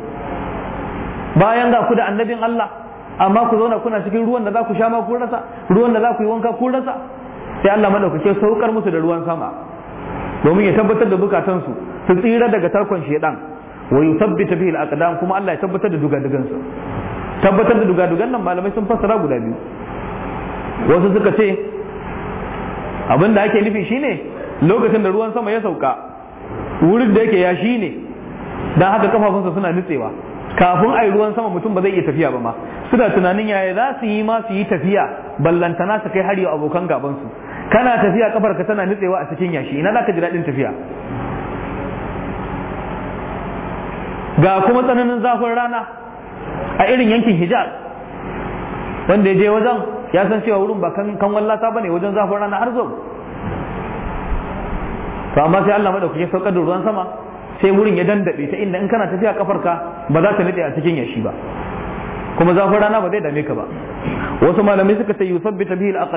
bayan ga ku da annabin Allah amma ku zauna kuna cikin ruwan da za ku sha ma kun rasa ruwan da za ku yi wanka kun rasa sai Allah madaukake saukar musu da ruwan sama domin ya tabbatar da bukatansu su tsira daga tarkon shaidan wa yuthabbita bihi al-aqdam kuma Allah ya tabbatar da dugadugan su tabbatar da dugadugan nan malamai sun fassara guda biyu wasu suka ce abin da ake nufi shine lokacin da ruwan sama ya sauka wurin da yake ya ne dan haka kafafunsa suna nutsewa kafin ai ruwan sama mutum ba zai iya tafiya ba ma suna tunanin yaya za su yi ma su yi tafiya ballantana su kai hari a abokan gabansu su kana tafiya kafar ka tana nutsewa a cikin yashi ina zaka ji daɗin tafiya ga kuma tsananin zafin rana a irin yankin hijaz wanda ya je wajen ya san cewa wurin ba kan kan wallata bane wajen zafin rana har zo to amma sai Allah ya saukar da ruwan sama sai wurin ya dandabe ta inda in kana tafiya ka ba za ta nade a cikin yashi ba kuma zafin rana ba zai dame ka ba wasu malamai suka ta yusabbita bihi al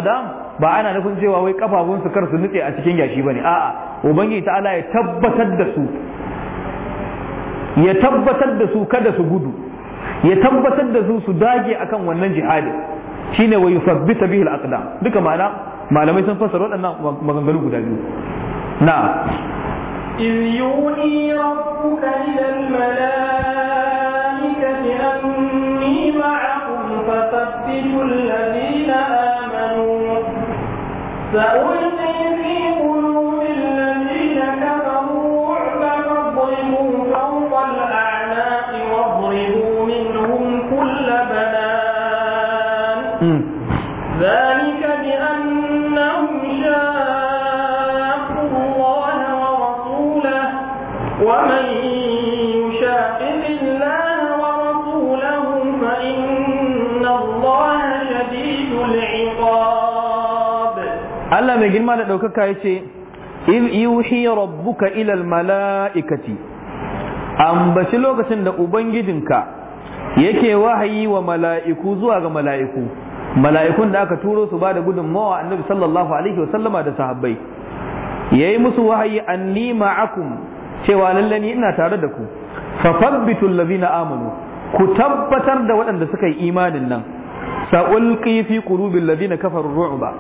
ba ana nufin cewa wai kafafun su kar su nutse a cikin yashi bane a'a ubangiji ta'ala ya tabbatar da su ya tabbatar da su kada su gudu ya tabbatar da su su dage akan wannan jihadin shine wa yusabbita bihi al-aqdam duka ma'ana malamai sun fassara wadannan maganganu guda biyu na'am إذ يوحي ربك إلى الملائكة أني معكم فثبتوا الذين آمنوا سألقي في ذلك بأنهم شاقوا الله ورسوله ومن يشاقق الله ورسوله فإن الله شديد العقاب ألا ما جنما لدوكك يشي إذ يوحي ربك إلى الملائكة ambaci lokacin da Ubangijinka yake wahayi wa mala'iku zuwa ga mala'iku mala'ikun da aka turo su ba da gudunmawa annabi sallallahu alaihi wa sallama da sahabbai yayi musu wahayi anni ma'akum cewa lalle ni ina tare da ku fa fabbitul ladina amanu ku tabbatar da waɗanda suka yi imanin nan sa'ulqi fi qulubil ladina kafaru ru'ba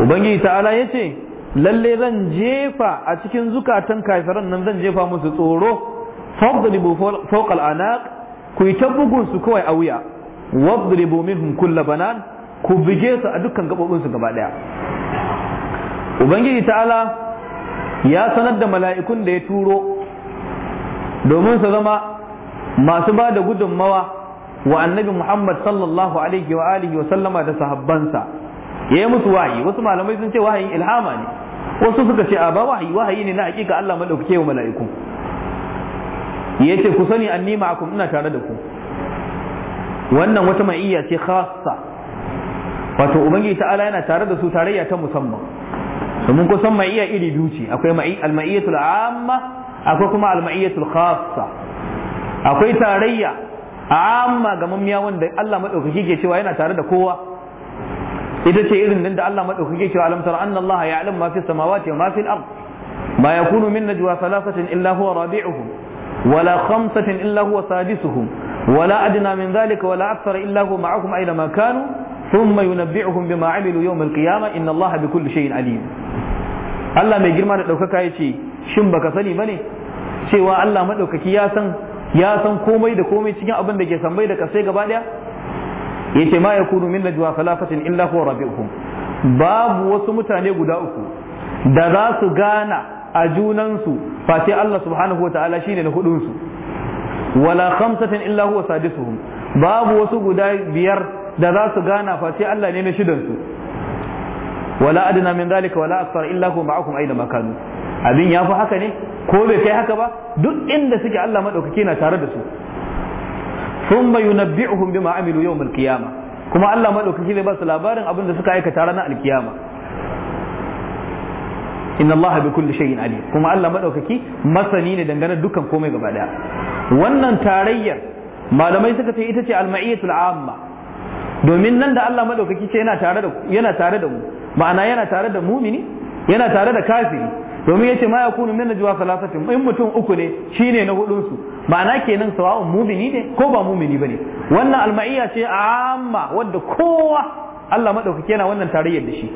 ubangiji ta'ala yace lalle zan jefa a cikin zukatan kafiran nan zan jefa musu tsoro fadribu fawqa al-anaq ku yi ta bugun su kawai a wuya wadribu minhum kull banan ku buge su a dukkan gaɓoɓinsu gaba ɗaya ubangiji ta'ala ya sanar da mala'ikun da ya turo domin su zama masu ba da gudunmawa wa annabi muhammad sallallahu alaihi wa alihi wa sallama da sahabbansa ya yi musu wahayi wasu malamai sun ce wahayin ilhama ne wasu suka ce a ba wahayi wahayi ne na hakika allah maɗaukake wa mala'iku ya ce ku sani annima akum ina tare da ku wannan wata ma'iyya ce khassa wato ubangiji ta'ala yana tare da su tarayya ta musamman domin kusan mai iya iri biyu ce akwai al-ma'iyyatul amma akwai kuma al-ma'iyyatul khassa akwai tarayya amma ga mamiya wanda Allah madaukaki ke cewa yana tare da kowa ita ce irin nan da Allah madaukaki ke cewa alam tara anna Allah ya'lamu ma fi samawati wa ma fi al-ard ma yakunu min najwa thalathatin illa huwa rabi'uhum ولا خمسة إلا هو سادسهم ولا أدنى من ذلك ولا أكثر إلا هو معهم أينما كانوا thumma yunabbi'uhum bima amilu yawm al-qiyamah inna Allah bi kulli shay'in Allah mai girma da ɗaukaka ya ce shin baka sani ba ne cewa Allah maɗaukaki ya san ya san komai da komai cikin abin da ke sambai da kasai gaba ya ce ma yakunu min lajuwa salafatin illa huwa rabi'uhum babu wasu mutane guda uku da za su gana a junansu fa sai Allah subhanahu wa ta'ala shine na hudunsu wala khamsatin illa huwa sadisuhum babu wasu guda biyar da za su gana sai Allah ne mai shidan su wala adna min dalika wala akthar illa huwa ma'akum aina ma kanu abin yafi haka ne ko bai kai haka ba duk inda suke Allah madaukake na tare da su thumma yunabbi'uhum bima amilu yawm al-qiyamah kuma Allah madaukake zai ba su labarin abin da suka aikata ranar alkiyama inna Allah bi kulli shay'in alim kuma Allah madaukaki masani ne dangane dukkan komai gaba daya wannan tarayyar malamai suka ce ita ce al-ma'iyatul amma domin nan da Allah madaukaki ce yana tare da yana tare da mu ma'ana yana tare da mumini yana tare da kafiri domin yace ma yakunu min najwa salasatin in mutum uku ne shine na hudun su ma'ana kenan sawa'un mumini ne ko ba mumini bane wannan alma'iya ce amma wanda kowa Allah madaukaki yana wannan tarayyar da shi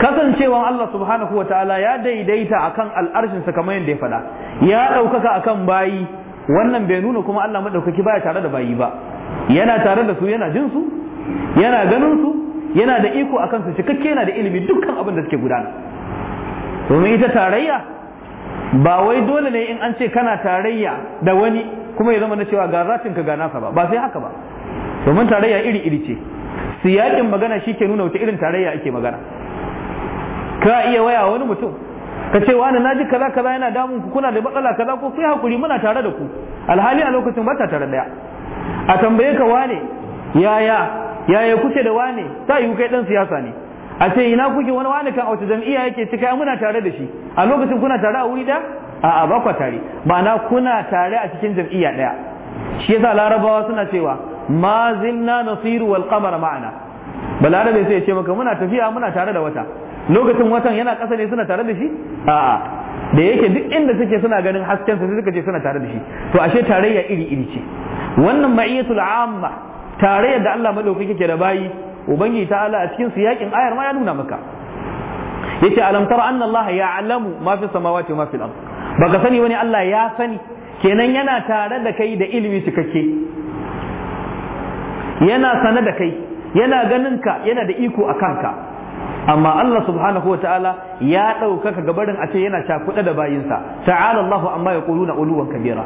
kasancewan Allah subhanahu wataala ya daidaita akan al'arshin sa kamar yadda ya faɗa ya ɗaukaka akan bayi wannan bai nuna kuma Allah madaukaki baya tare da bayi ba yana tare da su yana jin su yana ganin su yana da iko akan su cikakke yana da ilimi dukkan abin da suke gudana domin ita tarayya ba wai dole ne in an ce kana tarayya da wani kuma ya zama na cewa ga zatin ka gana ka ba ba sai haka ba domin tarayya iri iri ce siyakin magana shi ke nuna wata irin tarayya ake magana ka iya waya wani mutum ka ce wani naji kaza kaza yana damun ku kuna da matsala kaza ko sai hakuri muna tare da ku alhali a lokacin ba ta tare daya a tambaye ka wane yaya yaya kuke da wane ta yi kai dan siyasa ne a ce ina kuke wani wane kan auta jam'iyya yake cika muna tare da shi a lokacin kuna tare a wuri da a a bakwa tare ma'ana kuna tare a cikin jam'iyya daya shi yasa larabawa suna cewa ma zinna nasiru wal qamar ma'ana balarabe sai ya ce maka muna tafiya muna tare da wata lokacin watan yana kasa ne suna tare da shi a'a da yake duk inda suke suna ganin hasken su suka ce suna tare da shi to ashe tarayya iri iri ce wannan ma'iyatul amma tare da Allah madaukaki ke da bayi ubangi ta'ala a cikin siyakin ayar ma ya nuna maka yace alam tara anna Allah ya'lamu ma fi samawati wa ma fil ard baka sani wani Allah ya sani kenan yana tare da kai da ilimi cikakke yana sane da kai yana ganin ka yana da iko a kanka amma Allah subhanahu wa ta'ala ya ɗaukaka gabarin a ce yana cakuɗa da bayinsa ta'ala Allah amma ya ƙuluna uluwan kabira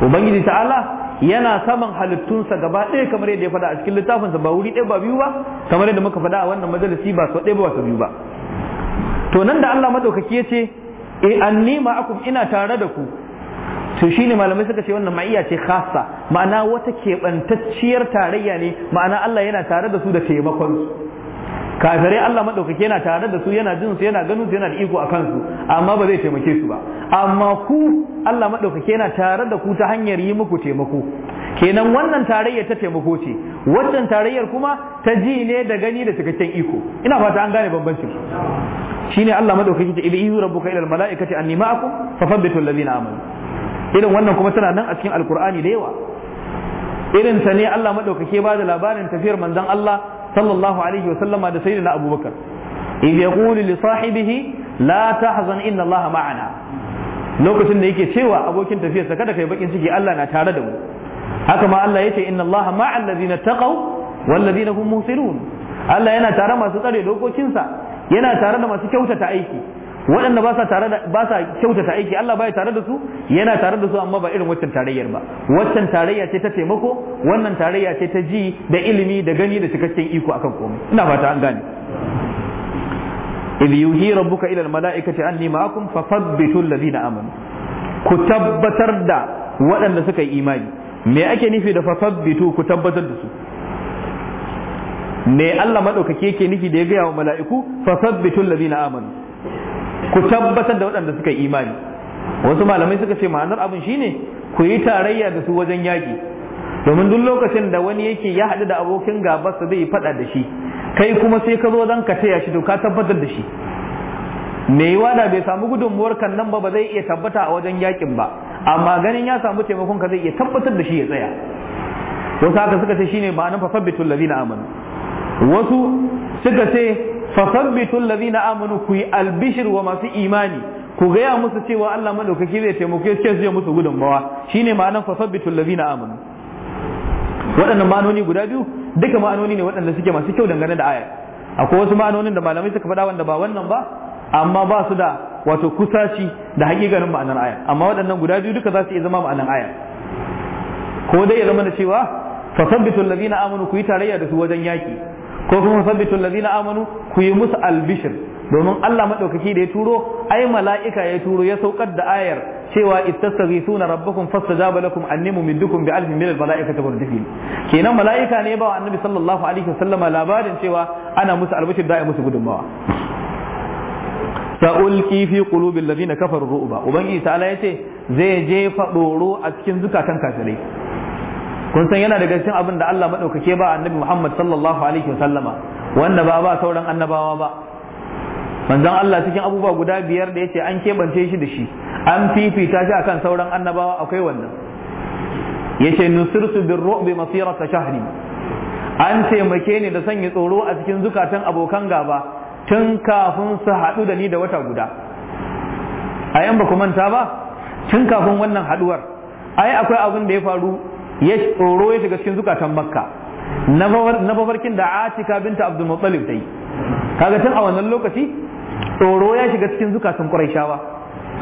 ubangiji ta'ala yana saman halittunsa gaba ɗaya kamar yadda ya faɗa a cikin littafinsa ba wuri ɗaya ba biyu ba kamar yadda muka faɗa a wannan majalisi ba sau ɗaya ba sau biyu ba to nan da Allah madaukaki ya ce e anni ma'akum ina tare da ku to shine malamai suka ce wannan ma'iya ce khassa ma'ana wata keɓantacciyar tarayya ne ma'ana Allah yana tare da su da taimakon su kafirai Allah madaukaki yana tare da su yana jin su yana ganin su yana da iko a kansu amma ba zai taimake su ba amma ku Allah maɗaukaki yana tare da ku ta hanyar yi muku taimako kenan wannan tarayya ta taimako ce Wannan tarayyar kuma ta ji ne da gani da cikakken iko ina fata an gane bambancin shine Allah maɗaukaki ta ibi ihu rabbuka ilal mala'ikati anni ma'akum fa fabbitu allazina amanu irin wannan kuma tana nan a cikin alqur'ani da yawa irin ta ne Allah maɗaukaki ba da labarin tafiyar manzon Allah sallallahu alaihi wa sallama da sayyidina Abubakar إذ يقول لصاحبه لا تحزن إن الله معنا lokacin da yake cewa abokin tafiyarsa kada kai bakin ciki Allah na tare da mu haka ma Allah yace inna Allah ma'al ladina taqaw wal ladina hum muhsinun Allah yana tare masu tsare dokokinsa yana tare da masu kyautata aiki waɗanda ba sa tare da ba sa kyautata aiki Allah baya tare da su yana tare da su amma ba irin waccan tarayyar ba waccan tarayya ce ta taimako wannan tarayya ce ta ji da ilimi da gani da cikakken iko akan komai ina fata an gane إذ يوهي ربك إلى الملائكة أني معكم fathabbitu الذين amanu ku tabbatar da waɗanda suka yi imani me ake nufi da fathabbitu ku tabbatar da su me Allah maɗaukaki ake nufi da ya gaya wa mala'iku fathabbitu لسك amanu ku tabbatar da waɗanda suka yi imani wasu malamai suka ce ma'anar abin ne? ku yi tarayya da su wajen yaƙi domin duk lokacin da wani yake ya haɗu da abokin gabarsa zai faɗa da shi kai kuma sai ka zo dan ka taya shi to ka tabbatar da shi me yiwa da bai samu gudunmuwar kan nan ba ba zai iya tabbata a wajen yakin ba amma ganin ya samu taimakon ka zai iya tabbatar da shi ya tsaya wasu haka suka ce shine ma'anar fasabbitul ladina amanu wasu suka ce fasabbitul ladina amanu ku yi albishir wa masu imani ku gaya musu cewa Allah madaukaki zai taimake su ya musu gudunmawa shine ma'anar fasabbitul ladina amanu waɗannan ma'anoni guda biyu duka ma'anoni ne waɗanda suke masu kyau dangane da aya akwai wasu ma'anonin da malamai suka faɗa wanda ba wannan ba amma ba su da wato kusaci da hakikanin ma'anar aya amma waɗannan guda biyu duka za su iya zama ma'anar aya ko dai ya zama da cewa fasabbitu allazina amanu ku yi tarayya da su wajen yaki ko kuma fasabbitu allazina amanu ku yi musu albishir domin Allah maɗaukaki da ya turo ai mala'ika ya turo ya saukar da ayar cewa suna rabbakum fastajaba lakum anni mumiddukum bi alfin mala'ika almalaikati murdifin kenan mala'ika ne ba annabi sallallahu alaihi wasallama labarin cewa ana musu albashir da musu gudunmawa sa'ulki fi qulubil ladina kafaru ru'ba ubangiji ta'ala yace zai jefa doro a cikin zukatan kafirai kun san yana daga cikin abin da Allah madaukake ba annabi Muhammad sallallahu alaihi wasallama wanda ba ba sauran annabawa ba manzon Allah cikin abubuwa guda biyar da yace an kebance shi da shi an fifita shi akan sauran annabawa akwai wannan yace nusirtu birru'bi masirata shahri an taimake ni da sanya tsoro a cikin zukatan abokan gaba tun kafin su haɗu da ni da wata guda a yan ba ku manta ba tun kafin wannan haɗuwar ai akwai abin da ya faru ya tsoro ya shiga cikin zukatan makka na mafarkin da atika binta abdul muttalib ta yi kaga tun a wannan lokaci tsoro ya shiga cikin zukatan quraishawa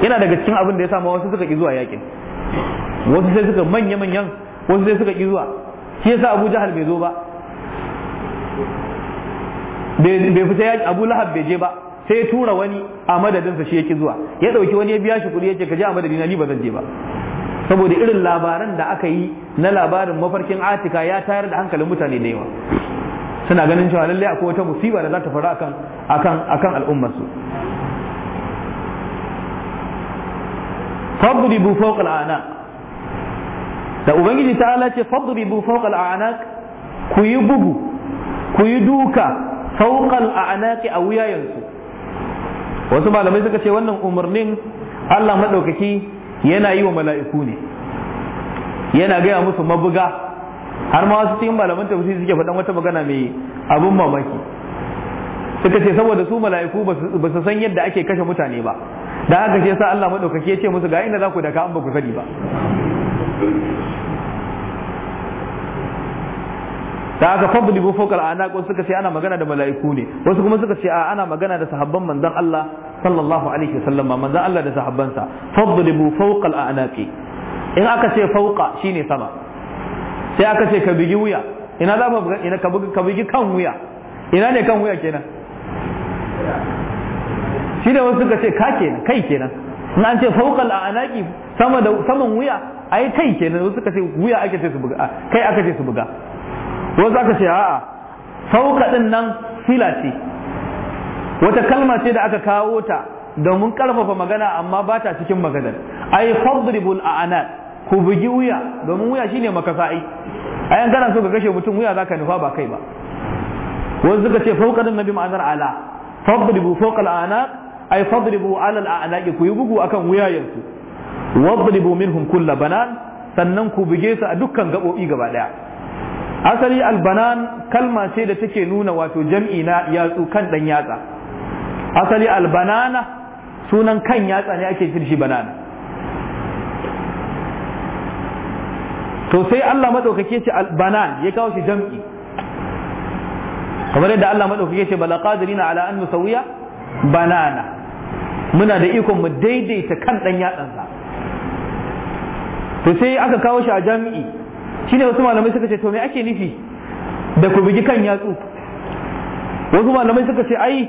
yana daga cikin abin da ya samu wasu suka ƙi zuwa yakin wasu sai suka manya manyan wasu sai suka ƙi zuwa shi yasa Abu Jahal bai zo ba bai fita yaki Abu Lahab bai je ba sai ya tura wani a madadinsa shi yake zuwa ya ɗauki wani ya biya shi kuɗi ya ce ka je a madadina ni ba zan je ba saboda irin labaran da aka yi na labarin mafarkin atika ya tayar da hankalin mutane da yawa suna ganin cewa lallai akwai wata musiba da za ta faru akan akan akan al'ummar su bu fawq al'anaq da ubangiji ta'ala ce bu fawq al'anaq ku yi bugu ku yi duka fawq al'anaq a wuyayensu wasu malamai suka ce wannan umarnin Allah madaukaki yana yi wa mala'iku ne yana gaya musu mabuga har ma wasu cikin malaman tafsiri suke faɗan wata magana mai abin mamaki suka ce saboda su mala'iku ba su san yadda ake kashe mutane ba da haka ce sa Allah maɗaukaki ya ce musu ga inda za ku ka, an ba ku sani ba da aka fadli bu fokal ana ko suka ce ana magana da mala'iku ne wasu kuma suka ce a ana magana da sahabban manzon Allah sallallahu alaihi wasallam manzon Allah da sa fadli bu fokal anaqi in aka ce fauka shine sama sai aka ce ka bigi wuya ina za ka bugi kan wuya ina ne kan wuya kenan shi da wasu suka ce ka kenan kai kenan na an ce a anaki saman wuya a yi kai kenan wasu suka ce wuya ake ce su buga kai aka ce su buga wasu aka ce a'a fawqa din nan sila ce wata kalma ce da aka kawo ta domin karfafa magana amma ba ta cikin maganar ai fadribul a'anat ku bugi wuya domin wuya shine makasa'i a yan kana so ka kashe mutum wuya zaka nufa ba kai ba wani suka ce fawqa nabi ma'anar ala fadribu fawqa al ay fadribu ala al ku yi bugu akan wuyayensu wadribu minhum kulla banan sannan ku buge su a dukkan gabobi gaba daya asali albanan kalma ce da take nuna wato jam'i na yatsu kan dan yatsa asali albanana sunan kan yatsa ne ake kirshi banana to sai Allah madaukake ce albanan ya kawo shi jam'i kamar yadda Allah madaukake ce bala qadirina ala an nusawiya banana muna da ikon mu daidaita kan dan sa to sai aka kawo shi a jam'i shine wasu malamai suka ce to me ake nufi da ku bigi kan yatsu wasu malamai suka ce ai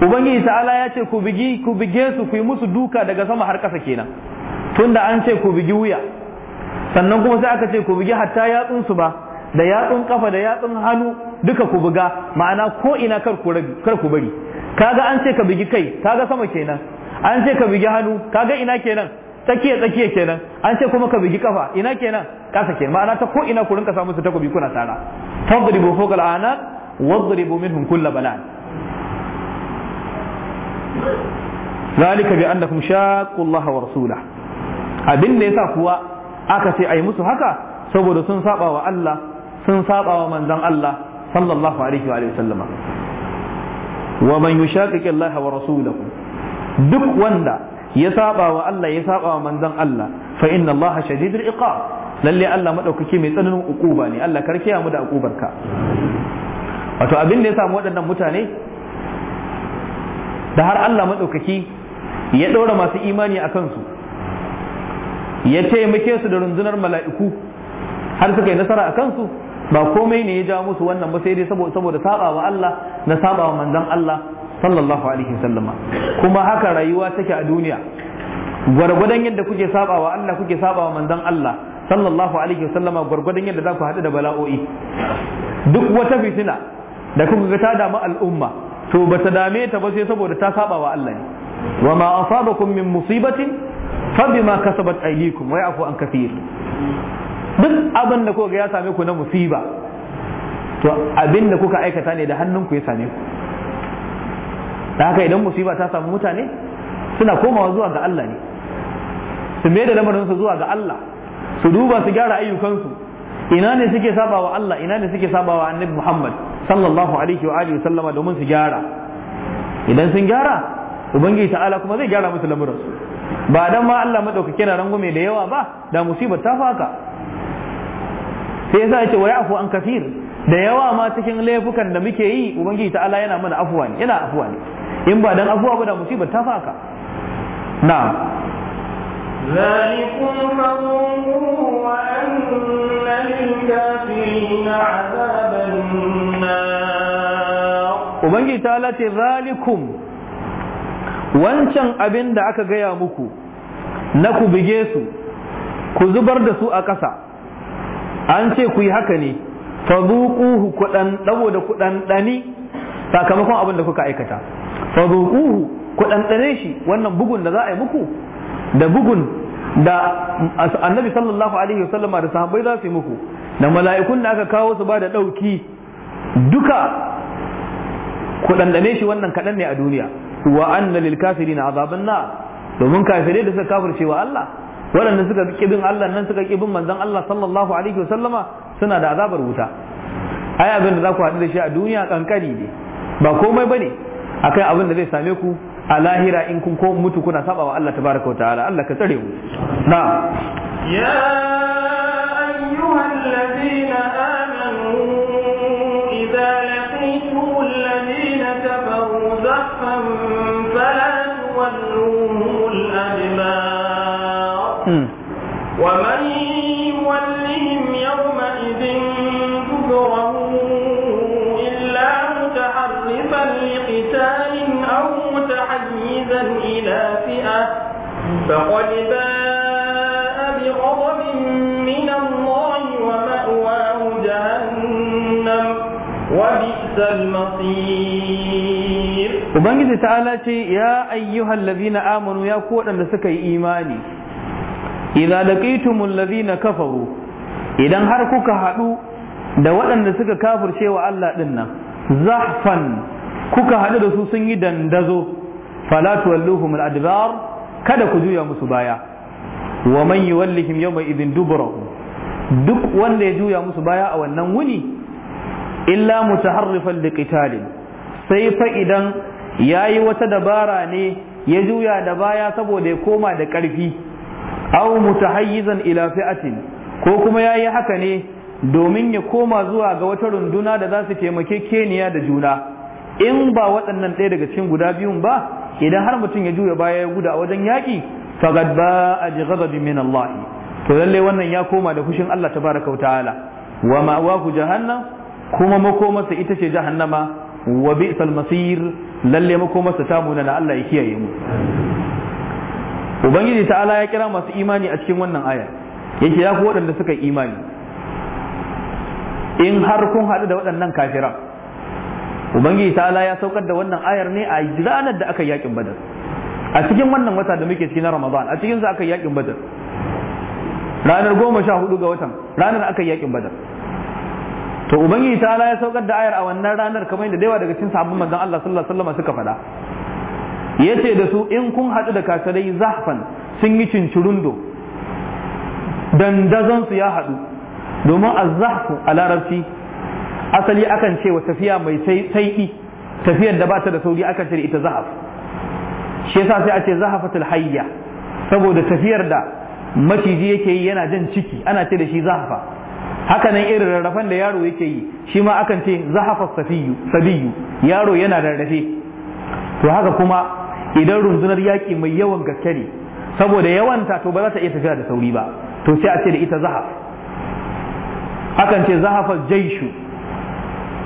ubangiji ta'ala ya ce ku bigi ku bige su ku yi musu duka daga sama har ƙasa kenan tunda an ce ku bigi wuya sannan kuma sai aka ce ku bugi hatta yatsun su ba da yatsun kafa da yatsun hannu duka ku buga ma'ana ko ina kar ku kar ku bari kaga an ce ka bugi kai kaga sama kenan an ce ka bugi hannu kaga ina kenan tsakiya tsakiya kenan an ce kuma ka bugi kafa ina kenan kasa kenan ma'ana ta ko ina ku rinka samu su takobi kuna tsara tadribu fawqa al'anaq wadribu minhum kull balan ذلك بأنكم شاقوا الله ورسوله abin da yasa kuwa aka ce ai musu haka saboda sun saba wa Allah sun saba wa manzon Allah sallallahu alaihi wa sallama wa man yushaqiqi Allah wa rasulahu duk wanda ya saba wa Allah ya saba wa manzon Allah fa inna Allah shadidul iqab lalle Allah madaukaki mai tsananin ukuba ne Allah karkiya mu da ukubarka wato abin da ya samu waɗannan mutane da har Allah madaukaki ya ɗora masu imani a kansu ya taimake su da rundunar mala'iku har suka yi nasara a kansu ba komai ne ya ja musu wannan ba sai dai saboda saba wa Allah na saba wa manzon Allah sallallahu alaihi sallama. kuma haka rayuwa take a duniya gwargwadon yadda kuke saba wa Allah kuke saba wa manzon Allah sallallahu alaihi sallama gwargwadon yadda za ku haɗu da bala'o'i duk wata fitina da kuka ga ta damu al'umma to ba ta dame ta ba sai saboda ta saba wa Allah ne wa ma asabakum min musibatin fabima kasabat aydikum wa yafu an kathir duk abin da kuka ya same ku na musiba to abin da kuka aikata ne da hannunku ya same ku da haka idan musiba ta samu mutane suna komawa zuwa ga Allah ne su mai da lamarin su zuwa ga Allah su duba su gyara ayyukansu ina ne suke saba wa Allah ina ne suke saba wa annabi Muhammad sallallahu alaihi wa alihi sallama domin su gyara idan sun gyara ubangiji ta'ala kuma zai gyara musu lamarinsu ba dan ma Allah madaukake na rangume da yawa ba da musibar ta faka sai yasa ya ce wa ya'fu an kafir da yawa ma cikin laifukan da muke yi ubangiji ta'ala yana mana afuwa ne yana afuwa ne in ba dan afuwa ba da musibar ta faka na'am ذلكم فضلوا وأن للكافرين عذاب النار وبنجي تعالى ذلكم wancan abin da aka gaya muku na ku bige su ku zubar da su a ƙasa an ce ku yi haka ne fa zuquhu kudan dabo da kudan dani sakamakon abin da kuka aikata fa zuquhu kudan dane shi wannan bugun da za a yi muku da bugun da annabi sallallahu alaihi wasallama da sahabbai za su yi muku da mala'ikun da aka kawo su ba da dauki duka kudan dane shi wannan kadan ne a duniya wa anna lil kafirina azaban na? domin kafirai da suka kafirce wa Allah waɗanda suka bin Allah nan suka bin manzon Allah sallallahu alaihi wa sallama suna da azabar wuta ai abin da za ku haɗu da shi a duniya kankari ne ba komai bane akan abin da zai same ku a lahira in kun ko mutu kuna saba wa Allah tabaraka wa ta'ala Allah ka tsare mu na'am ya ayyuhal ladina حقا فلا تولوهم الأدبار ومن يولهم يومئذ كبره إلا متحرفا لقتال أو متحيزا إلى فئة فقد باء بغضب من الله ومأواه جهنم وبئس المصير ubangiji ta'ala ce ya ayyuhal ladina amanu ya ku waɗanda suka yi imani idza laqitumul ladina kafaru idan har kuka haɗu da waɗanda suka kafirce wa Allah ɗin nan zahfan kuka haɗu da su sun yi dandazo Falatu walluhu al-adbar kada ku juya musu baya wa man yuwallihim mai idin duburahu duk wanda ya juya musu baya a wannan wuni illa mutaharrifan liqitalin sai fa idan ya yi wata dabara ne ya juya da baya saboda ya koma da ƙarfi aw mutahayyizan ila fi'atin ko kuma ya yi haka ne domin ya koma zuwa ga wata runduna da za su taimake keniya da juna in ba waɗannan ɗaya daga cikin guda biyun ba idan har mutum ya juya baya ya guda a wajen yaki? faqad ba'a bi min Allah to lalle wannan ya koma da fushin Allah tabaraka wa ta'ala wa ma'wahu jahannam kuma makomarsa ita ce jahannama wa bi'sal masir lalle makomarsa ta muna na Allah ya kiyaye mu ubangiji ta Ala ya kira masu imani a cikin wannan aya yake ya ku waɗanda suka imani in har kun haɗu da waɗannan kafira ubangiji ta Ala ya saukar da wannan ayar ne a ranar da aka yakin badar a cikin wannan wata da muke cikin ramadan a cikin sa aka yakin badar ranar goma sha hudu ga watan ranar aka yakin badar to ubangiji ta ya saukar da ayar a wannan ranar kamar da daiwa daga cikin sabbin manzon Allah sallallahu alaihi wasallam suka faɗa yace da su in kun haɗu da kasarai zahfan sun yi cincirundo dandazon su ya haɗu domin azzafu a larabci asali akan ce wa tafiya mai saiɗi tafiyar da bata da sauri akan ce ita zahaf shi yasa sai a ce zahafatul hayya saboda tafiyar da maciji yake yi yana jan ciki ana ce da shi zahafa haka nan irin rarrafan da yaro yake yi shi ma akan ce zahafa sabiyu yaro yana rarrafe to haka kuma idan rundunar yaƙi mai yawan gaske ne saboda yawanta to ba za ta iya tafiya da sauri ba to sai a ce da ita zahaf akan ce zahafa jaishu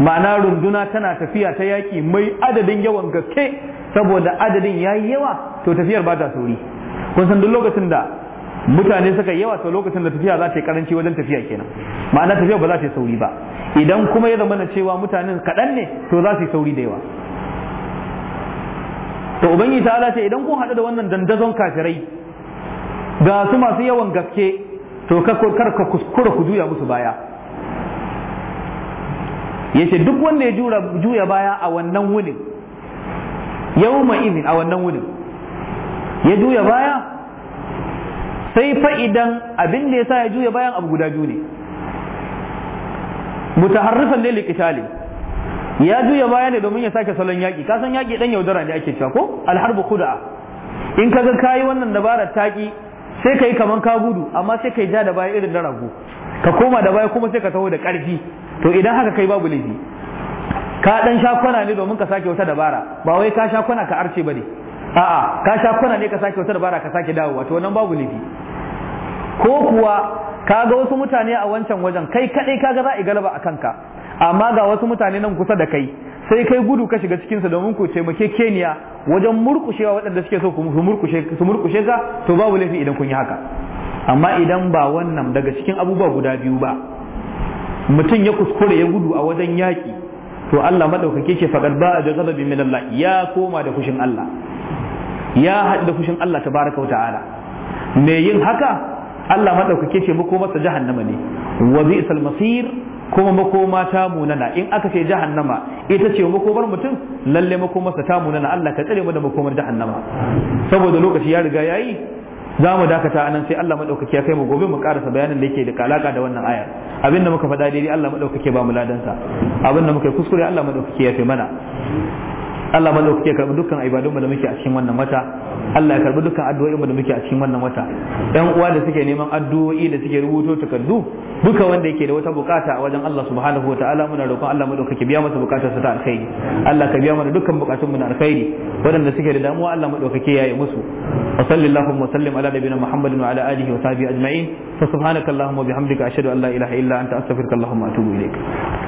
ma'ana runduna tana tafiya ta yaƙi mai adadin yawan gaske saboda adadin yayi yawa to tafiyar ba ta sauri kun san duk lokacin da mutane suka yawa to lokacin da tafiya za ta yi karanci wajen tafiya kenan ma'ana tafiya ba za ta yi sauri ba idan kuma ya zama na cewa mutanen kaɗan ne to za su yi sauri da yawa to ubangi ta ce idan kun haɗu da wannan dandazon kafirai ga su masu yawan gaske to kar ka kuskura ku juya musu baya yace duk wanda ya juya baya a wannan wunin yawma izin a wannan wunin ya juya baya sai fa idan abin da yasa ya juya bayan abu guda biyu ne mutaharrifan lil qitali ya juya baya ne domin ya sake salon yaki ka san yaki dan yaudara ne ake cewa ko al harbu in ka ka kayi wannan dabarar taki sai kai kaman ka gudu amma sai kai ja da baya irin da rago ka koma da baya kuma sai ka taho da karfi to idan haka kai babu laifi ka ɗan sha kwana ne domin ka sake wata dabara ba wai ka sha kwana ka arce ba ne. a'a ka sha kwana ne ka sake wata dabara ka sake dawowa to wannan babu laifi ko kuwa ka ga wasu mutane a wancan wajen kai kadai ka ga za a galaba a kanka amma ga wasu mutane nan kusa da kai sai kai gudu ka shiga cikinsa domin ku taimake keniya wajen murkushewa waɗanda suke so su murkushe ka to babu laifi idan kun yi haka amma idan ba wannan daga cikin abubuwa guda biyu ba mutum ya kuskure ya gudu a wajen yaki, to Allah maɗaukaki ke fakar ba a da min Allah ya koma da fushin Allah ya haɗu da fushin Allah tabaraka wa ta'ala me yin haka Allah Maɗaukake ce makomarsa jahannama ne wa bi'sal masir kuma makoma ta munana in aka ce jahannama ita ce makomar mutum lalle makomarsa ta munana Allah ka tsare mu da makomar jahannama saboda lokaci ya riga yayi za mu dakata anan sai Allah maɗaukake ya kai mu gobe mu karasa bayanin da yake da kalaka da wannan aya abinda muka faɗa daidai Allah madaukake ba mu ladansa abinda muka yi kuskure Allah madaukake ya kai mana Allah ma ya karbi dukkan ibadunmu da muke a cikin wannan wata Allah ya karbi dukkan addu'o'inmu da muke a cikin wannan wata ɗan uwa da suke neman addu'o'i da suke rubuto takardu duka wanda yake da wata bukata a wajen Allah subhanahu wataala muna roƙon Allah madaukaki biya masa bukatar sa ta alkhairi Allah ka biya mana dukkan bukatunmu na alkhairi waɗanda suke da damuwa Allah madaukaki yayi musu wa sallallahu wa sallim ala nabiyina Muhammadin wa ala alihi wa sahbihi ajma'in fa subhanakallahumma wa bihamdika ashhadu an la ilaha illa anta astaghfiruka wa atubu ilaik